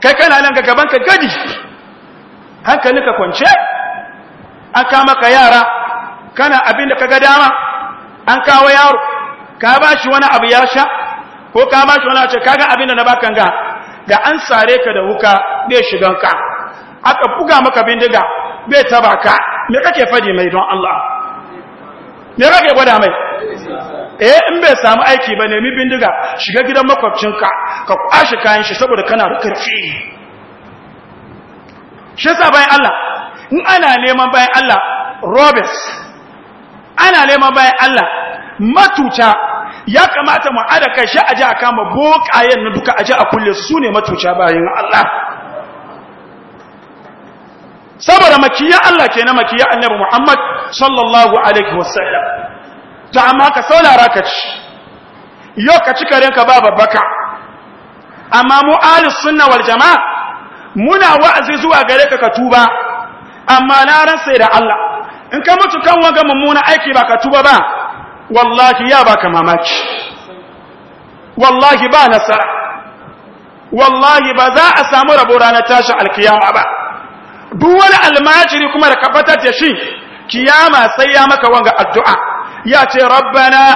kai kana nan ga gaban ka gadi hankalinka kwance an ka yara kana abin da kaga dama an kawo yaro ka ba shi wani abu ya sha ko ka ba shi wani ce kaga abin da na baka ga da an sare ka da wuka bai shigan ka aka buga maka bindiga bai taba ka me kake fadi mai don Allah me kake gwada mai eh in bai samu aiki ba nemi bindiga shiga gidan makwabcinka ka kwashi kayan shi saboda kana da karfi shi sa bayan Allah in ana neman bayan Allah robes ana neman bayan Allah matuta ya kamata mu adaka shi aje aka kama bokayen na duka aje a kulle su ne matuta bayan Allah saboda makiya Allah ke na makiya annabi Muhammad sallallahu alaihi wasallam ta amma ka saurara ka ci yau ka ci ka ba babbaka amma mu ahlus sunna wal jamaa muna wa'azi zuwa gare ka ka tuba amma na ran sai da Allah in ka mutu kan waga mummuna aiki ba ka tuba ba wallahi ya baka mamaki wallahi ba nasara wallahi ba za a samu rabo ranar tashi alkiyama ba duk wani almajiri kuma da kabatar da shi kiyama sai ya maka wanga addu'a ya ce rabbana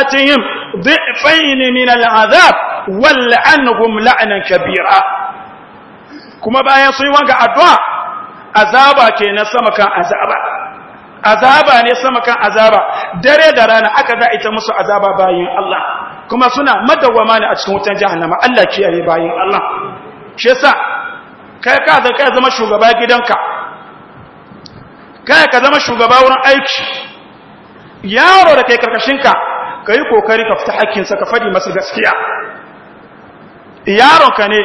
atihim dhifain min al'azab wal anhum la'anan kabira kuma bayan sun wanga addu'a azaba kenan sama kan azaba azaba ne sama kan azaba dare da rana aka za ita musu azaba bayan Allah kuma suna madawwama ne a cikin wutan jahannama Allah kiyaye a Allah shi yasa kai ka zan kai zama shugaba gidanka kai ka zama shugaba wurin aiki yaro da kai karkashinka ka yi kokari ka fita hakkinsa ka faɗi masa gaskiya yaronka ne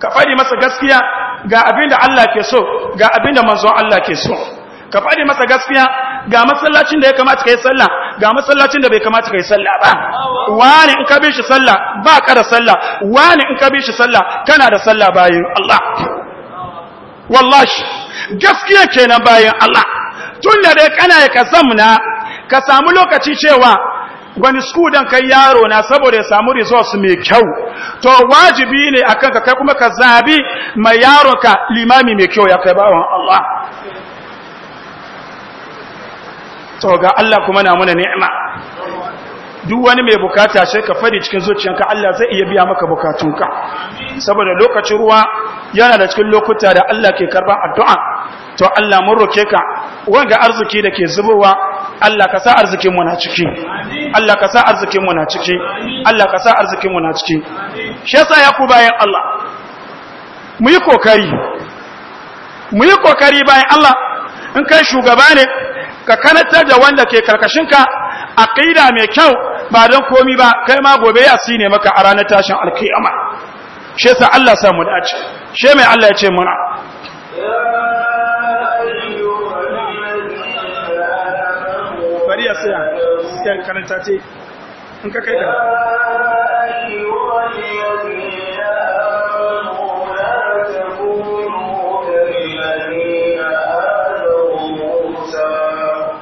ka faɗi masa gaskiya ga abinda Allah ke so ga abinda manzon Allah ke so ka faɗi masa gaskiya ga masallacin da ya kamata kai sallah ga masallacin da bai kamata kai sallah ba wani in ka bi sallah ba ka da sallah wani in ka bi sallah kana da sallah bayan Allah wallahi gaskiya kenan bayan Allah tun da dai kana ya kasamna ka samu lokaci cewa wani skudan kai yaro na saboda ya samu resource mai kyau to wajibi ne akan ka kai kuma ka zabi mai yaronka limami mai kyau ya kai bawan Allah to ga Allah kuma na muna ni'ima duk wani mai bukata sai ka fadi cikin zuciyanka Allah zai iya biya maka bukatunka saboda lokacin ruwa yana da cikin lokuta da Allah ke karban addu'a to Allah mun roke ka wanga arziki da ke zubowa Allah ka sa arzikin mu na ciki Allah ka sa arzikin mu na ciki Allah ka sa arzikin mu na ciki shi yasa ya ku bayan Allah muyi kokari muyi kokari bayan Allah in kai shugaba ne ka kanatar da wanda ke karkashinka aqida mai kyau ba don komi ba kai ma gobe ya ne maka a ranar tashin alkiyama shi yasa Allah samu dace shi mai Allah ya ce muna in ka kai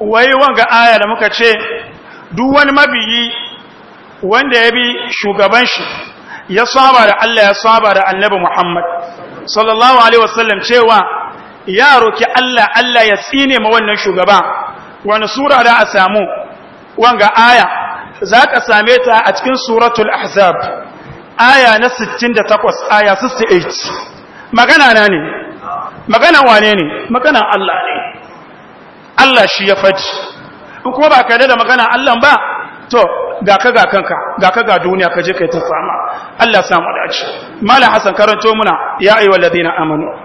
wai wanga aya da muka ce duk wani mabiyi wanda ya bi shugaban shi ya saba da Allah ya saba da annabi Muhammad sallallahu alaihi wasallam cewa ya roki Allah Allah ya tsine ma wannan shugaba wani sura da a samu wanga aya za ka same ta a cikin suratul ahzab aya na 68 aya 68 magana na ne magana wane ne magana Allah ne Allah shi ya faɗi in kuma ba ka da magana Allah ba to ga ka ga kanka ga ka ga duniya ka je kai ta sama Allah samu dace mala Hassan karanto muna ya ayyuhal ladina amanu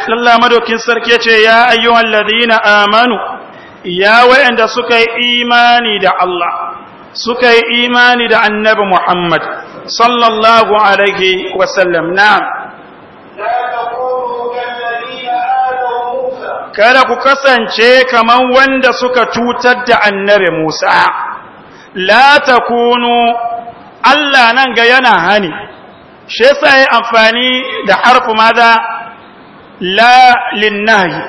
Allah madaukin sarki ce ya ayyuwan ladina amanu ya wayanda suka yi imani da Allah suka yi imani da annabi Muhammad sallallahu alaihi wa sallam kada ku kasance kaman wanda suka cutar da annabi Musa la takunu Allah nan ga yana hani shi yasa amfani da harfu maza لا للنهي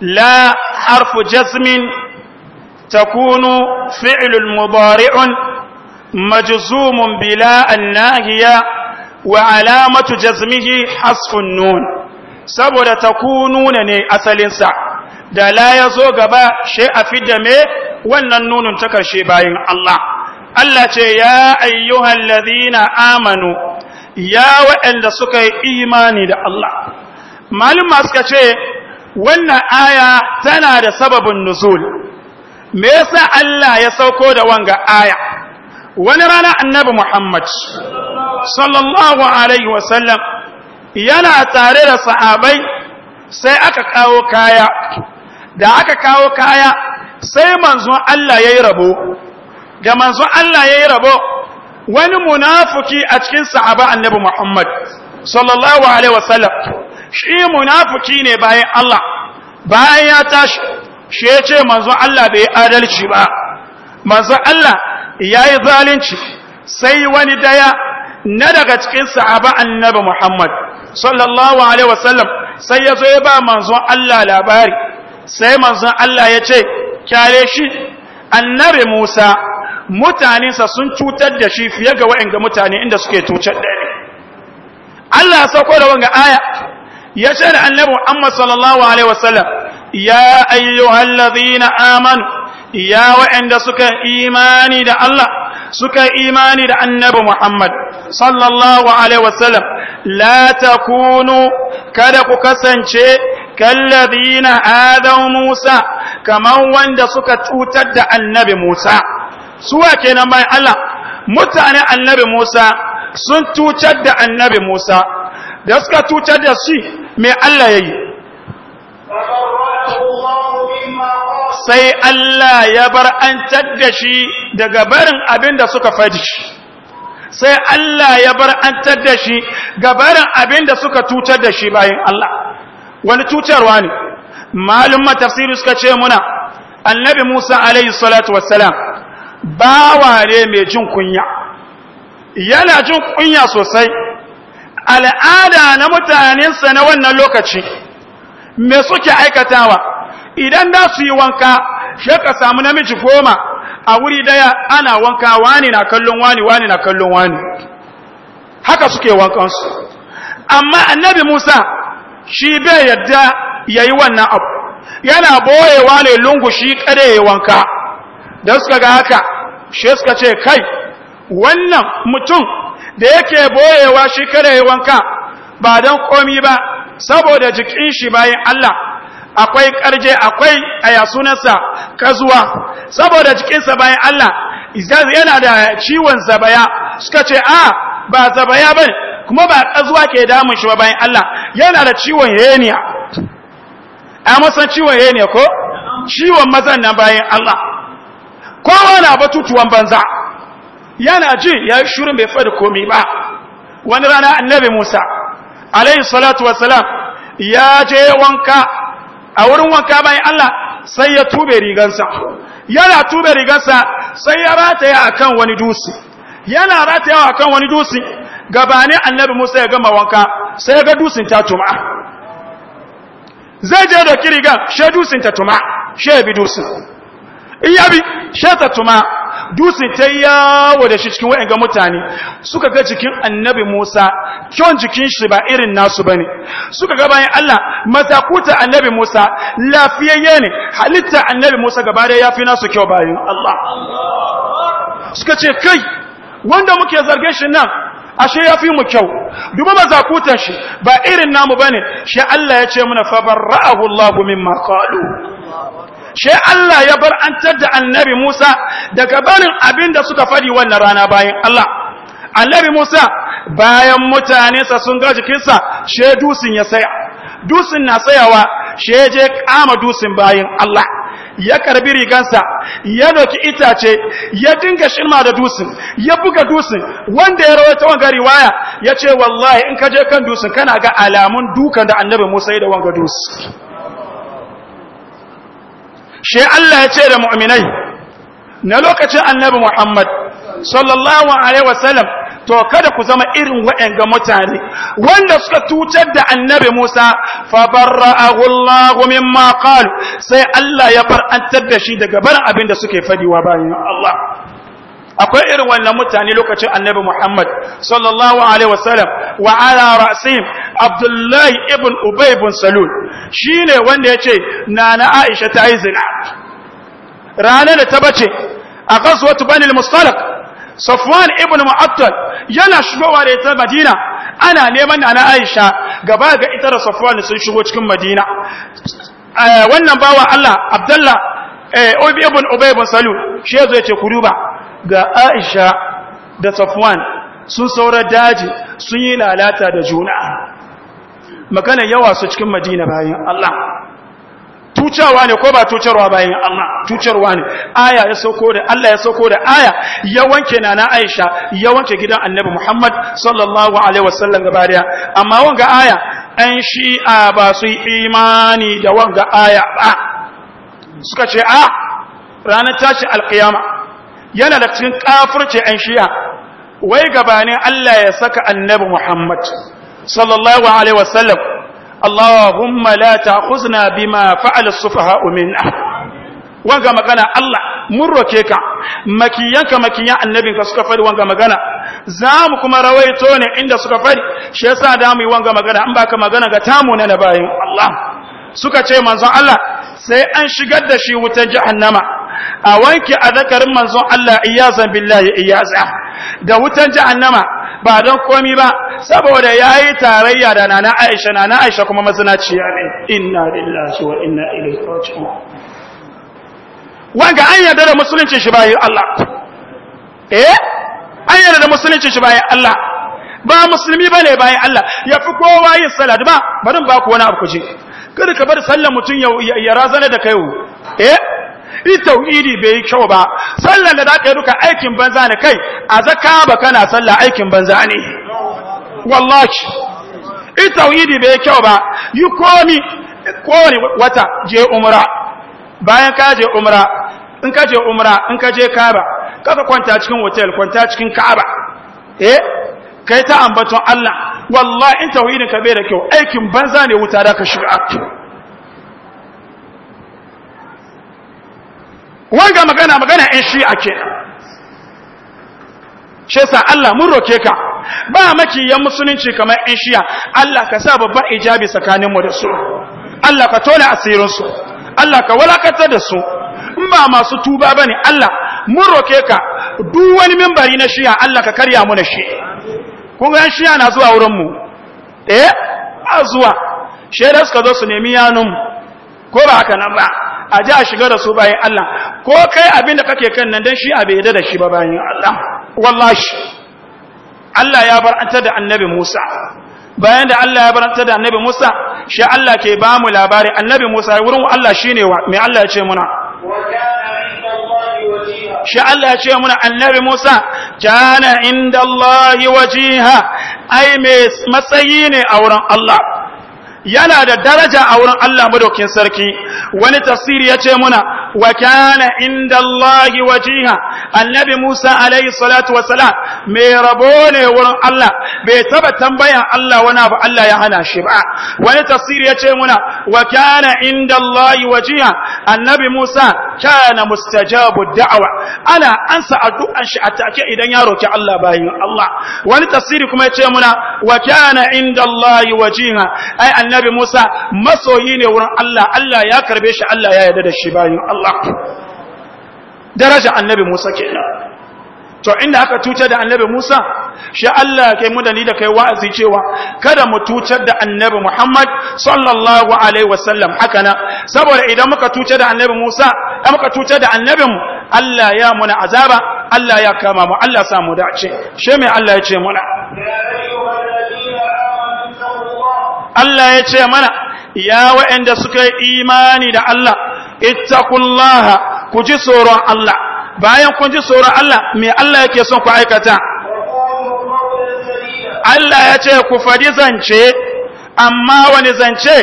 لا حرف جزم تكون فعل مضارع مجزوم بلا wa alamatu جزمه حذف النون saboda ta ne asalinsa da la yazo gaba shi a fidda me wannan nunin ta karshe bayan Allah Allah ce ya ayyuhan ayyuhallazina amanu ya waɗanda suka yi imani da Allah malum suka ce wannan aya tana da sababin nuzul me yasa Allah ya sauko da wanga aya wani rana annabi Muhammad sallallahu alaihi wasallam yana tare da sahabai sai aka kawo kaya da aka kawo kaya sai manzo Allah yayi rabo da manzo Allah yayi rabo wani munafiki a cikin sahaba annabi Muhammad sallallahu alaihi wasallam shi munafiki ne bayan Allah bayan ya tashi shi ya ce manzo Allah bai adalci ba manzo Allah yayi zalunci sai wani daya na daga cikin sahaba annabi Muhammad sallallahu alaihi wasallam sai ya zo ya ba manzo Allah labari sai manzo Allah ya ce kyale shi annabi Musa mutanensa sun cutar da shi fiye ga wa'anga mutane inda suke cutar da Allah ya sako da wanga aya ya ce da annabi Muhammad sallallahu alaihi wasallam ya ayyuhal amanu ya wa'anda suka imani da Allah suka imani da annabi Muhammad sallallahu alaihi wasallam la takunu kada ku kasance kalladhina adaw Musa kamar wanda suka cutar da annabi Musa suwa kenan bayan Allah mutane annabi Musa sun cutar da annabi Musa da suka cutar da shi mai Allah ya yi sai Allah ya bar an tadda shi daga barin abin da suka faɗi sai Allah ya bar an tadda shi gabarin abin da suka cutar da shi bayan Allah wani cutarwa ne malumma tafsiri suka ce muna annabi Musa alaihi salatu wassalam bawa ne mai jin kunya yana jin kunya sosai al'ada na mutanensa na wannan lokaci me suke aikatawa idan da su yi wanka shaka samu namiji foma a wuri daya ana wanka wani na kallon wani wani na kallon wani haka suke wankansu amma annabi musa shi bai yadda ya yi wannan abu yana boyewa ne lungu shi kada ya wanka da suka ga haka shi suka ce kai wannan mutum da yake boyewa shi kada ya wanka ba don komi ba saboda jikin shi bayan Allah akwai karje akwai aya sunansa kazuwa saboda jikinsa bayan Allah yana da ciwon zabaya suka ce a ah, ba zabaya ba kuma ba kazuwa ke damun shi ba bayan Allah yana da ciwon heniya a masan ciwon heniya ko ciwon mazan nan bayan Allah kowa na batutuwan banza yana ji ya yi shirin bai faɗi komi ba wani rana annabi musa alayhi salatu wasalam ya je wanka a wurin wanka bayan allah sai ya tube rigansa yana tube rigansa sai ya rataya a kan wani dusi yana rataya a kan wani dusi gabani annabi musa ya gama wanka sai ya ga dusin ta tuma zai je da kirigan shai dusin ta tuma shai bi dusin iyabi shai ta tuma dutse ta yawo da shi cikin wa'anga mutane suka ga jikin annabi Musa kyon jikin shi ba irin nasu bane suka ga bayan Allah mazakuta annabi Musa lafiyayye ne halitta annabi Musa gaba da yafi nasu kyau bayan Allah suka ce kai wanda muke zargin shi nan ashe yafi mu kyau duba mazakutan shi ba irin namu bane shi Allah ya ce muna fa barra'ahu Allah mimma qalu she Allah ya bar an tadda annabi Musa daga barin abin da suka fadi wannan rana bayan Allah annabi Musa bayan mutanensa sun ga jikinsa she dusin ya saya dusin na sayawa she je kama dusin bayan Allah ya karbi rigansa ya doki itace ya dinga shirma da dusin ya buga dusin wanda ya rawaita wanga riwaya ya ce wallahi in ka je kan dusin kana ga alamun dukan da annabi musa ya da wanga dusin shi Allah ya ce da mu'minai na lokacin annabi Muhammad sallallahu alaihi wasallam to kada ku zama irin waɗanga mutane wanda suka tutar da annabi Musa fa barra'ahu Allah mimma qalu sai Allah ya far'antar da shi daga bar abin da suke fadiwa bayan Allah akwai irin wannan mutane lokacin annabi Muhammad sallallahu alaihi wasallam wa ala ra'sihim Abdullahi ibn Ubay ibn Salul shine wanda yace nana Aisha ta yi zina ranar da ta bace a kasuwatu Bani al-Mustalaq Safwan ibn Mu'attal yana shigowa da ita Madina ana neman nana Aisha gaba ga ita da Safwan sun shigo cikin Madina eh, wannan bawa Allah Abdullah eh ibn Ubay ibn Salul shi yazo yace ku duba ga aisha da safwan sun saura daji sun yi lalata da juna makana yawa su cikin madina bayan Allah tucewa ne ko ba tucewa bayan Allah tucewa ne aya ya sauko da Allah ya sauko da aya ya wanke nana Aisha ya wanke gidan Annabi Muhammad sallallahu alaihi wasallam gaba daya amma wanga aya an shi'a ba su imani da wanga aya ba suka ce a ah, ranar tashi alqiyama yana da cikin kafirce an shi'a wai gabanin Allah ya saka annabi Muhammad sallallahu alaihi wasallam Allahumma la ta'khuzna bima fa'ala as-sufaha'u minna wanga magana Allah mun roke ka makiyanka makiyan annabin ka suka fadi wanga magana zamu kuma rawaito ne inda suka fadi shi yasa da mu yi wanga magana an baka magana ga tamu na bayin Allah suka ce manzon Allah sai an shigar da shi wutar jahannama a wanke zakarin manzon Allah iyasan billahi iyasa da wutan jahannama ba don komi ba saboda yayi tarayya da nana Aisha nana Aisha kuma mazinaciya ne inna lillahi wa inna ilaihi raji'un wanga an yarda da musulunci shi bayan Allah eh an yarda da musulunci shi bayan Allah ba musulmi bane bayan Allah Ya fi kowa yin salat ba barin ba ku wani abu kuje kada ka bar sallar mutum ya razana da kai eh in tauhidi bai yi kyau ba sallar da zaka yi duka aikin banza ne kai a zaka ba kana sallah aikin banza ne wallahi in tauhidi bai yi kyau ba yi komi kowane wata je umra bayan ka je umra in ka je umra in ka je kaaba kaka kwanta cikin hotel kwanta cikin kaaba eh kai ta ambaton Allah wallahi in tauhidin ka bai da kyau aikin banza ne wuta da ka shiga wanga magana magana yan shi'a ke shi sa Allah mun roke ka ba makiyan musulunci kamar yan shi'a Allah ka sa babban ijabi tsakaninmu da su Allah ka tona asirinsu Allah ka walakatar da su in ba masu tuba ba ne, Allah mun roke ka duk wani mimbari na shi'a Allah ka karya mu na shi kun ga shi'a na zuwa wurin mu eh a zuwa shedar suka zo su nemi yanun ko ba haka nan ba a ji a shiga da su bayan Allah ko kai abin da kake kan nan dan shi a bai da shi ba bayan Allah wallahi Allah ya barantar da annabi Musa bayan da Allah ya barantar da annabi Musa shi Allah ke ba mu labari annabi Musa wurin Allah shine me Allah ya ce muna shi Allah ya ce muna annabi Musa Jana inda Allah wajiha ai mai matsayi ne a wurin Allah yana da daraja a wurin Allah madaukin sarki wani tafsiri ya ce muna وكان عند الله وجيها annabi Musa alayhi salatu wa salam mai rabo ne wurin Allah bai taba tambayan Allah wani abu Allah ya hana shi ba wani tafsiri ya ce muna wa kana inda Allah wajiha annabi Musa kana mustajabu da'awa ana ansa addu'an shi a take idan ya roki Allah bayin Allah wani tafsiri kuma ya ce muna wa kana inda Allah wajiha ai annabi Musa masoyi ne wurin Allah Allah ya karbe shi Allah ya yarda da shi bayin Allah Allah daraja annabi Musa kenan to inda aka tuce da annabi Musa shi Allah kai mu da ni da kai wa'azi cewa kada mu tucar da annabi Muhammad sallallahu alaihi wasallam haka na saboda idan muka tuce da annabi Musa da muka tuce da annabin Allah ya muna azaba Allah ya kama mu Allah sa mu dace she mai Allah ya ce muna Allah ya ce mana ya wa'anda suka yi imani da Allah ittaqullaha ku ji tsoron Allah bayan kun ji tsoron Allah me Allah yake son ku aikata Allah ya ce ku fadi zance amma wani zance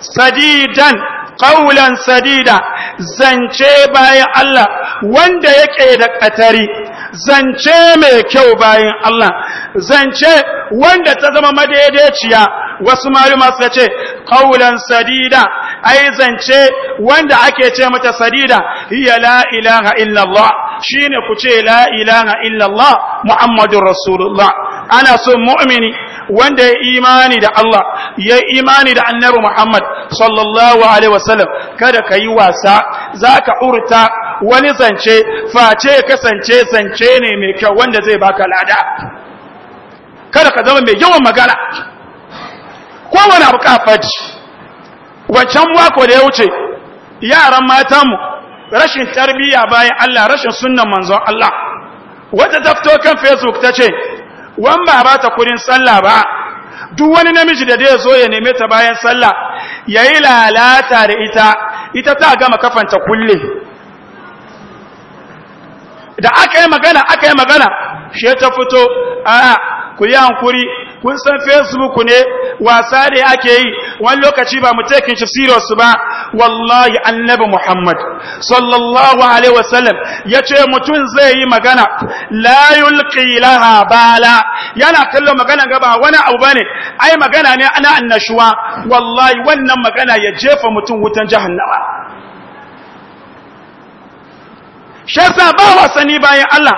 sadidan Ƙaulan sadida zance bayan Allah wanda yake da katari zance mai kyau bayan Allah zance wanda ta zama madaidaiciya wasu maluma suka ce qaulan sadida ai zance wanda ake ce mata sadida hiya la ilaha illa Allah shine ku ce la ilaha illa Allah muhammadur rasulullah ana so mu'mini wanda ya imani da Allah ya imani da annabi Muhammad sallallahu alaihi wasallam kada ka yi wasa zaka urta wani zance face kasance zance ne mai kyau wanda zai baka lada kada ka zama mai yawan magana kowane abu kafaji wancan mako da ya wuce yaran matanmu rashin tarbiyya bayan Allah rashin sunnan manzon Allah wata ta fito kan facebook ta ce wan ba ba ta kudin sallah ba duk wani namiji da zai zo ya neme ta bayan sallah yayi lalata da ita ita ta gama kafanta kulle da aka yi magana aka yi magana shi ta fito a ku yi hankuri kun san facebook ne wasa da ake yi wani lokaci ba mu taken shi serious ba wallahi annabi muhammad sallallahu alaihi wasallam ce mutum zai yi magana la yulqi bala yana kallon magana ga wani abu bane ai magana ne ana annashuwa wallahi wannan magana ya jefa mutum wutan jahannama shasa ba wasani bayan Allah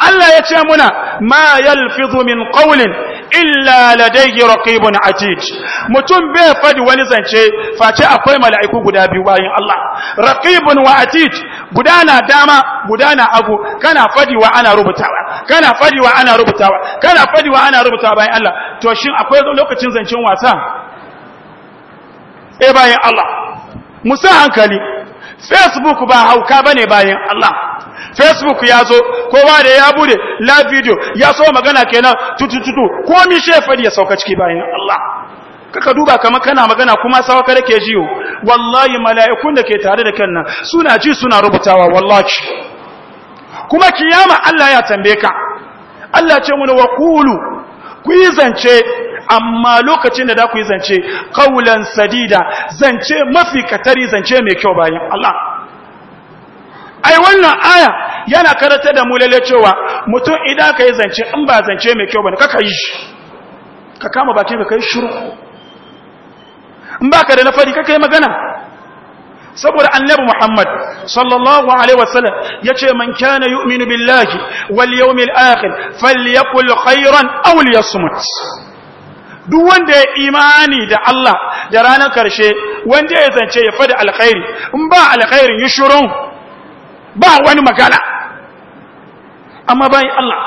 Allah ya ce muna ma yalfizu min qawlin illa ladayhi raqibun atid mutum bai fadi wani zance face akwai mala'iku guda biyu bayin Allah raqibun wa atid guda na dama guda na abu kana fadi wa ana rubutawa kana fadi wa ana rubutawa kana fadi wa ana rubutawa bayin Allah to shin akwai lokacin zancen wasa eh bayin Allah musa hankali facebook ba hauka bane bayan Allah facebook ya zo kowa da ya bude la video ya so magana kenan tutututu komi shefari ya sauka ciki bayan Allah kaka duba kamar kana magana kuma sauka da ke jiyo wallahi mala'ikun da ke tare da nan suna ji suna rubutawa wallahi kuma kiyama Allah ya tambaye ka Allah ce mu wa qulu ku yi zance amma lokacin da da ku yi zance kawulan sadida zance mafi katari zance mai kyau bayan Allah ai wannan aya yana karatar da mu lalle cewa mutum idan ka yi zance in ba zance mai kyau bane ka kai shi ka kama baki ka kai shiru in ba ka da nafari ka kai magana saboda annabi Muhammad sallallahu alaihi wasallam yace man kana yu'minu billahi wal yawmil akhir falyakul khairan aw liyasmut duk wanda ya imani da Allah da ranar karshe wanda ya zance ya fada alkhairi in ba alkhairin yi shurun ba wani magana amma bayan Allah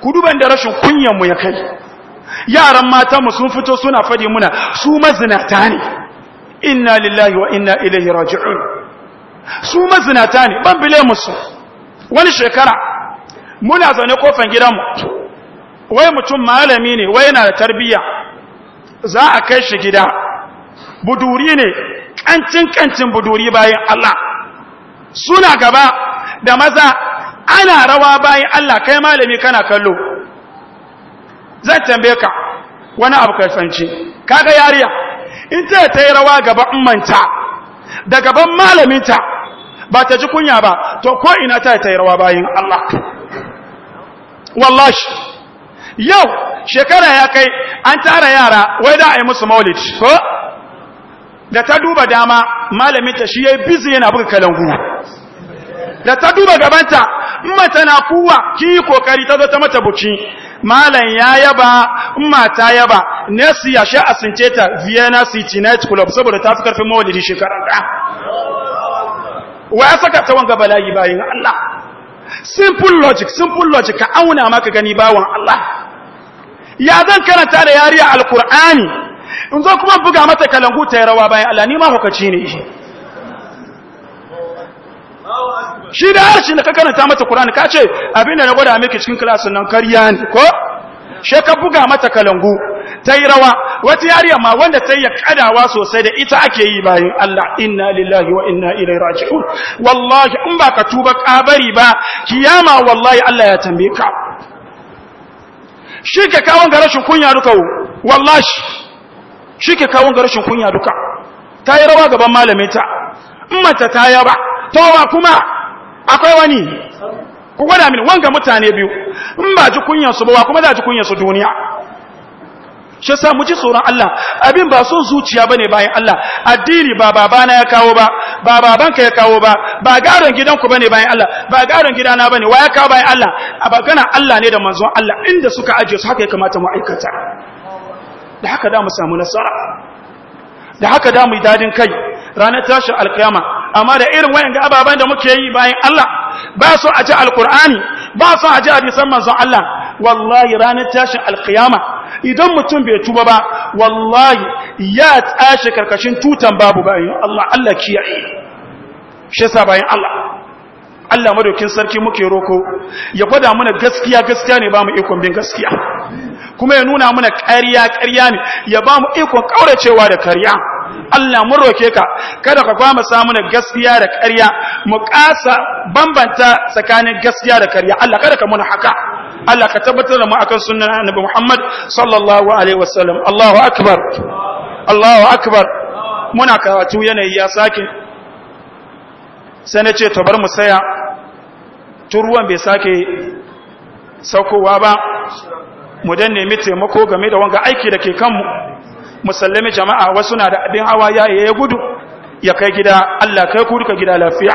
ku duban da rashin kunyanmu ya kai yaran matanmu sun fito suna fadi muna su mazinata ne inna lillahi wa inna ilaihi raji'un su mazinata ne ban bile musu wani shekara muna zaune kofan gidanmu wai mutum malami ne wai yana da tarbiyya za a kai shi gida buduri ne kancin kancin buduri bayan Allah suna gaba da maza ana rawa bayan Allah kai malami kana kallo zai tambaye ka wani abu kaifanci kaga yariya in ta ta yi rawa gaban manta da gaban malaminta ba ta ji kunya ba to ko ina ta ta yi rawa bayan Allah wallahi yau shekara ya kai an tara yara wai da a yi musu maulid ko da ta duba dama malaminta shi ya yi yana buga kalangu da ta duba gabanta mata na kuwa ki yi kokari ta zo ta mata buci malam ya yaba mata yaba nesi ya sha asince ta vienna city night club saboda ta fi karfin maulidi shekarar da wa ya saka ta wanga bala'i bayin allah simple logic simple logic ka auna maka gani bawan allah ya zan karanta da yariya alkur'ani in zo kuma buga mata kalangu ta rawa bayan Allah ni ma hukaci ne shi shi da harshe da ka karanta mata kur'ani ka ce abinda na gwada miki cikin klasin nan kariya ne ko she ka buga mata kalangu ta yi rawa wata yariya ma wanda ta yi kadawa sosai da ita ake yi bayan Allah inna lillahi wa inna ilaihi raji'un wallahi in ba ka tuba kabari ba kiyama wallahi Allah ya tambaye ka shi ke kawon ga rashin kunya duka wallashi shi ke kawon ga rashin kunya duka ta yi rawa gaban malami ta mata ta yi ba ta kuma akwai wani ku gwada mini wanga mutane biyu in ba ji kunyansu ba wa kuma za ji kunyansu duniya shi sa mu ji tsoron Allah abin ba son zuciya bane bayan Allah addini ba babana ya kawo ba ba babanka ya kawo ba ba garon gidanku bane bayan Allah ba garon gidana bane wa ya kawo bayan Allah a bagana Allah ne da manzon Allah inda suka aje su haka ya kamata mu aikata da haka da mu samu nasara da haka da mu yi dadin kai ranar tashin alkiyama amma da irin wayan ga ababen da muke yi bayan Allah ba su aje alkur'ani ba su aje hadisan manzon Allah wallahi ranar tashin alkiyama idan mutum bai tuba ba wallahi ya tashi karkashin tutan babu bayan Allah Allah kiyaye shi yasa bayan Allah Allah madaukin sarki muke roko ya gwada mana gaskiya gaskiya ne ba mu ikon bin gaskiya kuma ya nuna mana ƙarya ƙarya ne ya ba mu ikon ƙauracewa da ƙarya Allah mun roke ka kada ka kwama samu na gaskiya da ƙarya mu ƙasa bambanta tsakanin gaskiya da ƙarya Allah kada ka muna haka Allah ka tabbatar da mu akan sunnan Annabi Muhammad sallallahu alaihi wasallam Allahu akbar Allahu akbar muna karatu yanayi ya sake sai na ce to bar mu saya tun ruwan bai sake saukowa ba mu dan nemi taimako game da wanga aiki da ke kanmu musallami jama'a wasu na da abin hawa ya ya gudu ya kai gida Allah kai ku duka gida lafiya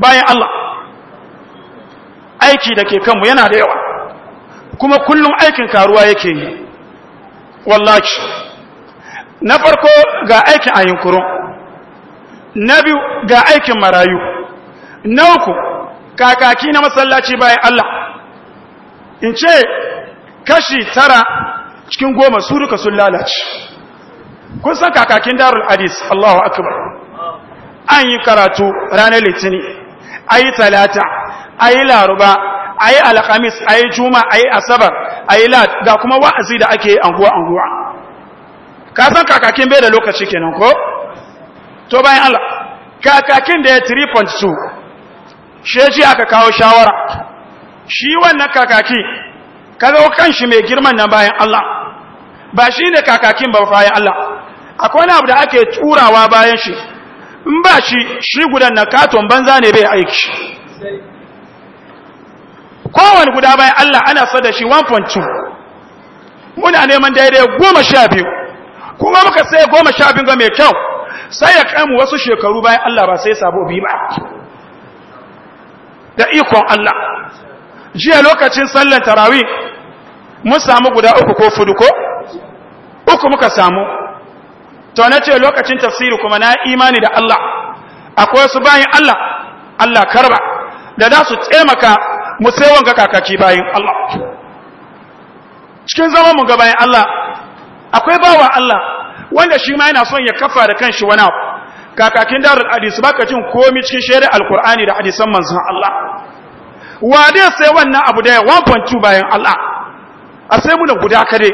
bayan Allah aiki da ke kanmu yana da yawa kuma kullum aikin karuwa yake yi wallahi na farko ga aikin ayyukurun na biyu ga aikin marayu na uku kakaki na masallaci bayan Allah in ce kashi tara cikin goma su duka sun lalace kun san kakakin darul hadis Allahu akbar an yi karatu ranar litini ayi talata ayi laruba ayi alhamis ayi juma ayi asabar ayi lat ga kuma wa'azi da ake yi anguwa anguwa ka san kakakin bai da lokaci kenan ko to bayan Allah kakakin da ya 3.2 sheji aka kawo shawara shi wannan kakaki kaga kan shi mai girman nan bayan Allah ba shi ne kakakin ba bayan Allah akwai wani abu da ake turawa bayan shi in ba shi shi gudan na katon banza ne bai aiki kowane guda bayan Allah ana so da shi 1.2 muna neman daidai goma sha biyu kuma muka sai goma sha biyu ga mai kyau sai ya kamu wasu shekaru bayan Allah ba sai sabo biyu ba da ikon Allah jiya lokacin sallar tarawi. mun samu guda uku ko fudu ko uku muka samu to na ce lokacin tafsiri kuma na imani da Allah akwai su bayin Allah Allah karba da za su taimaka mu sai wanga kakaki bayin Allah cikin zaman mu ga bayan Allah akwai bawa Allah wanda shi ma yana son ya kafa da kanshi wani abu kakakin darul hadis baka jin komai cikin shari'ar alqur'ani da hadisan manzon Allah wa dai sai wannan abu da 1.2 bayan Allah a sai muna guda kare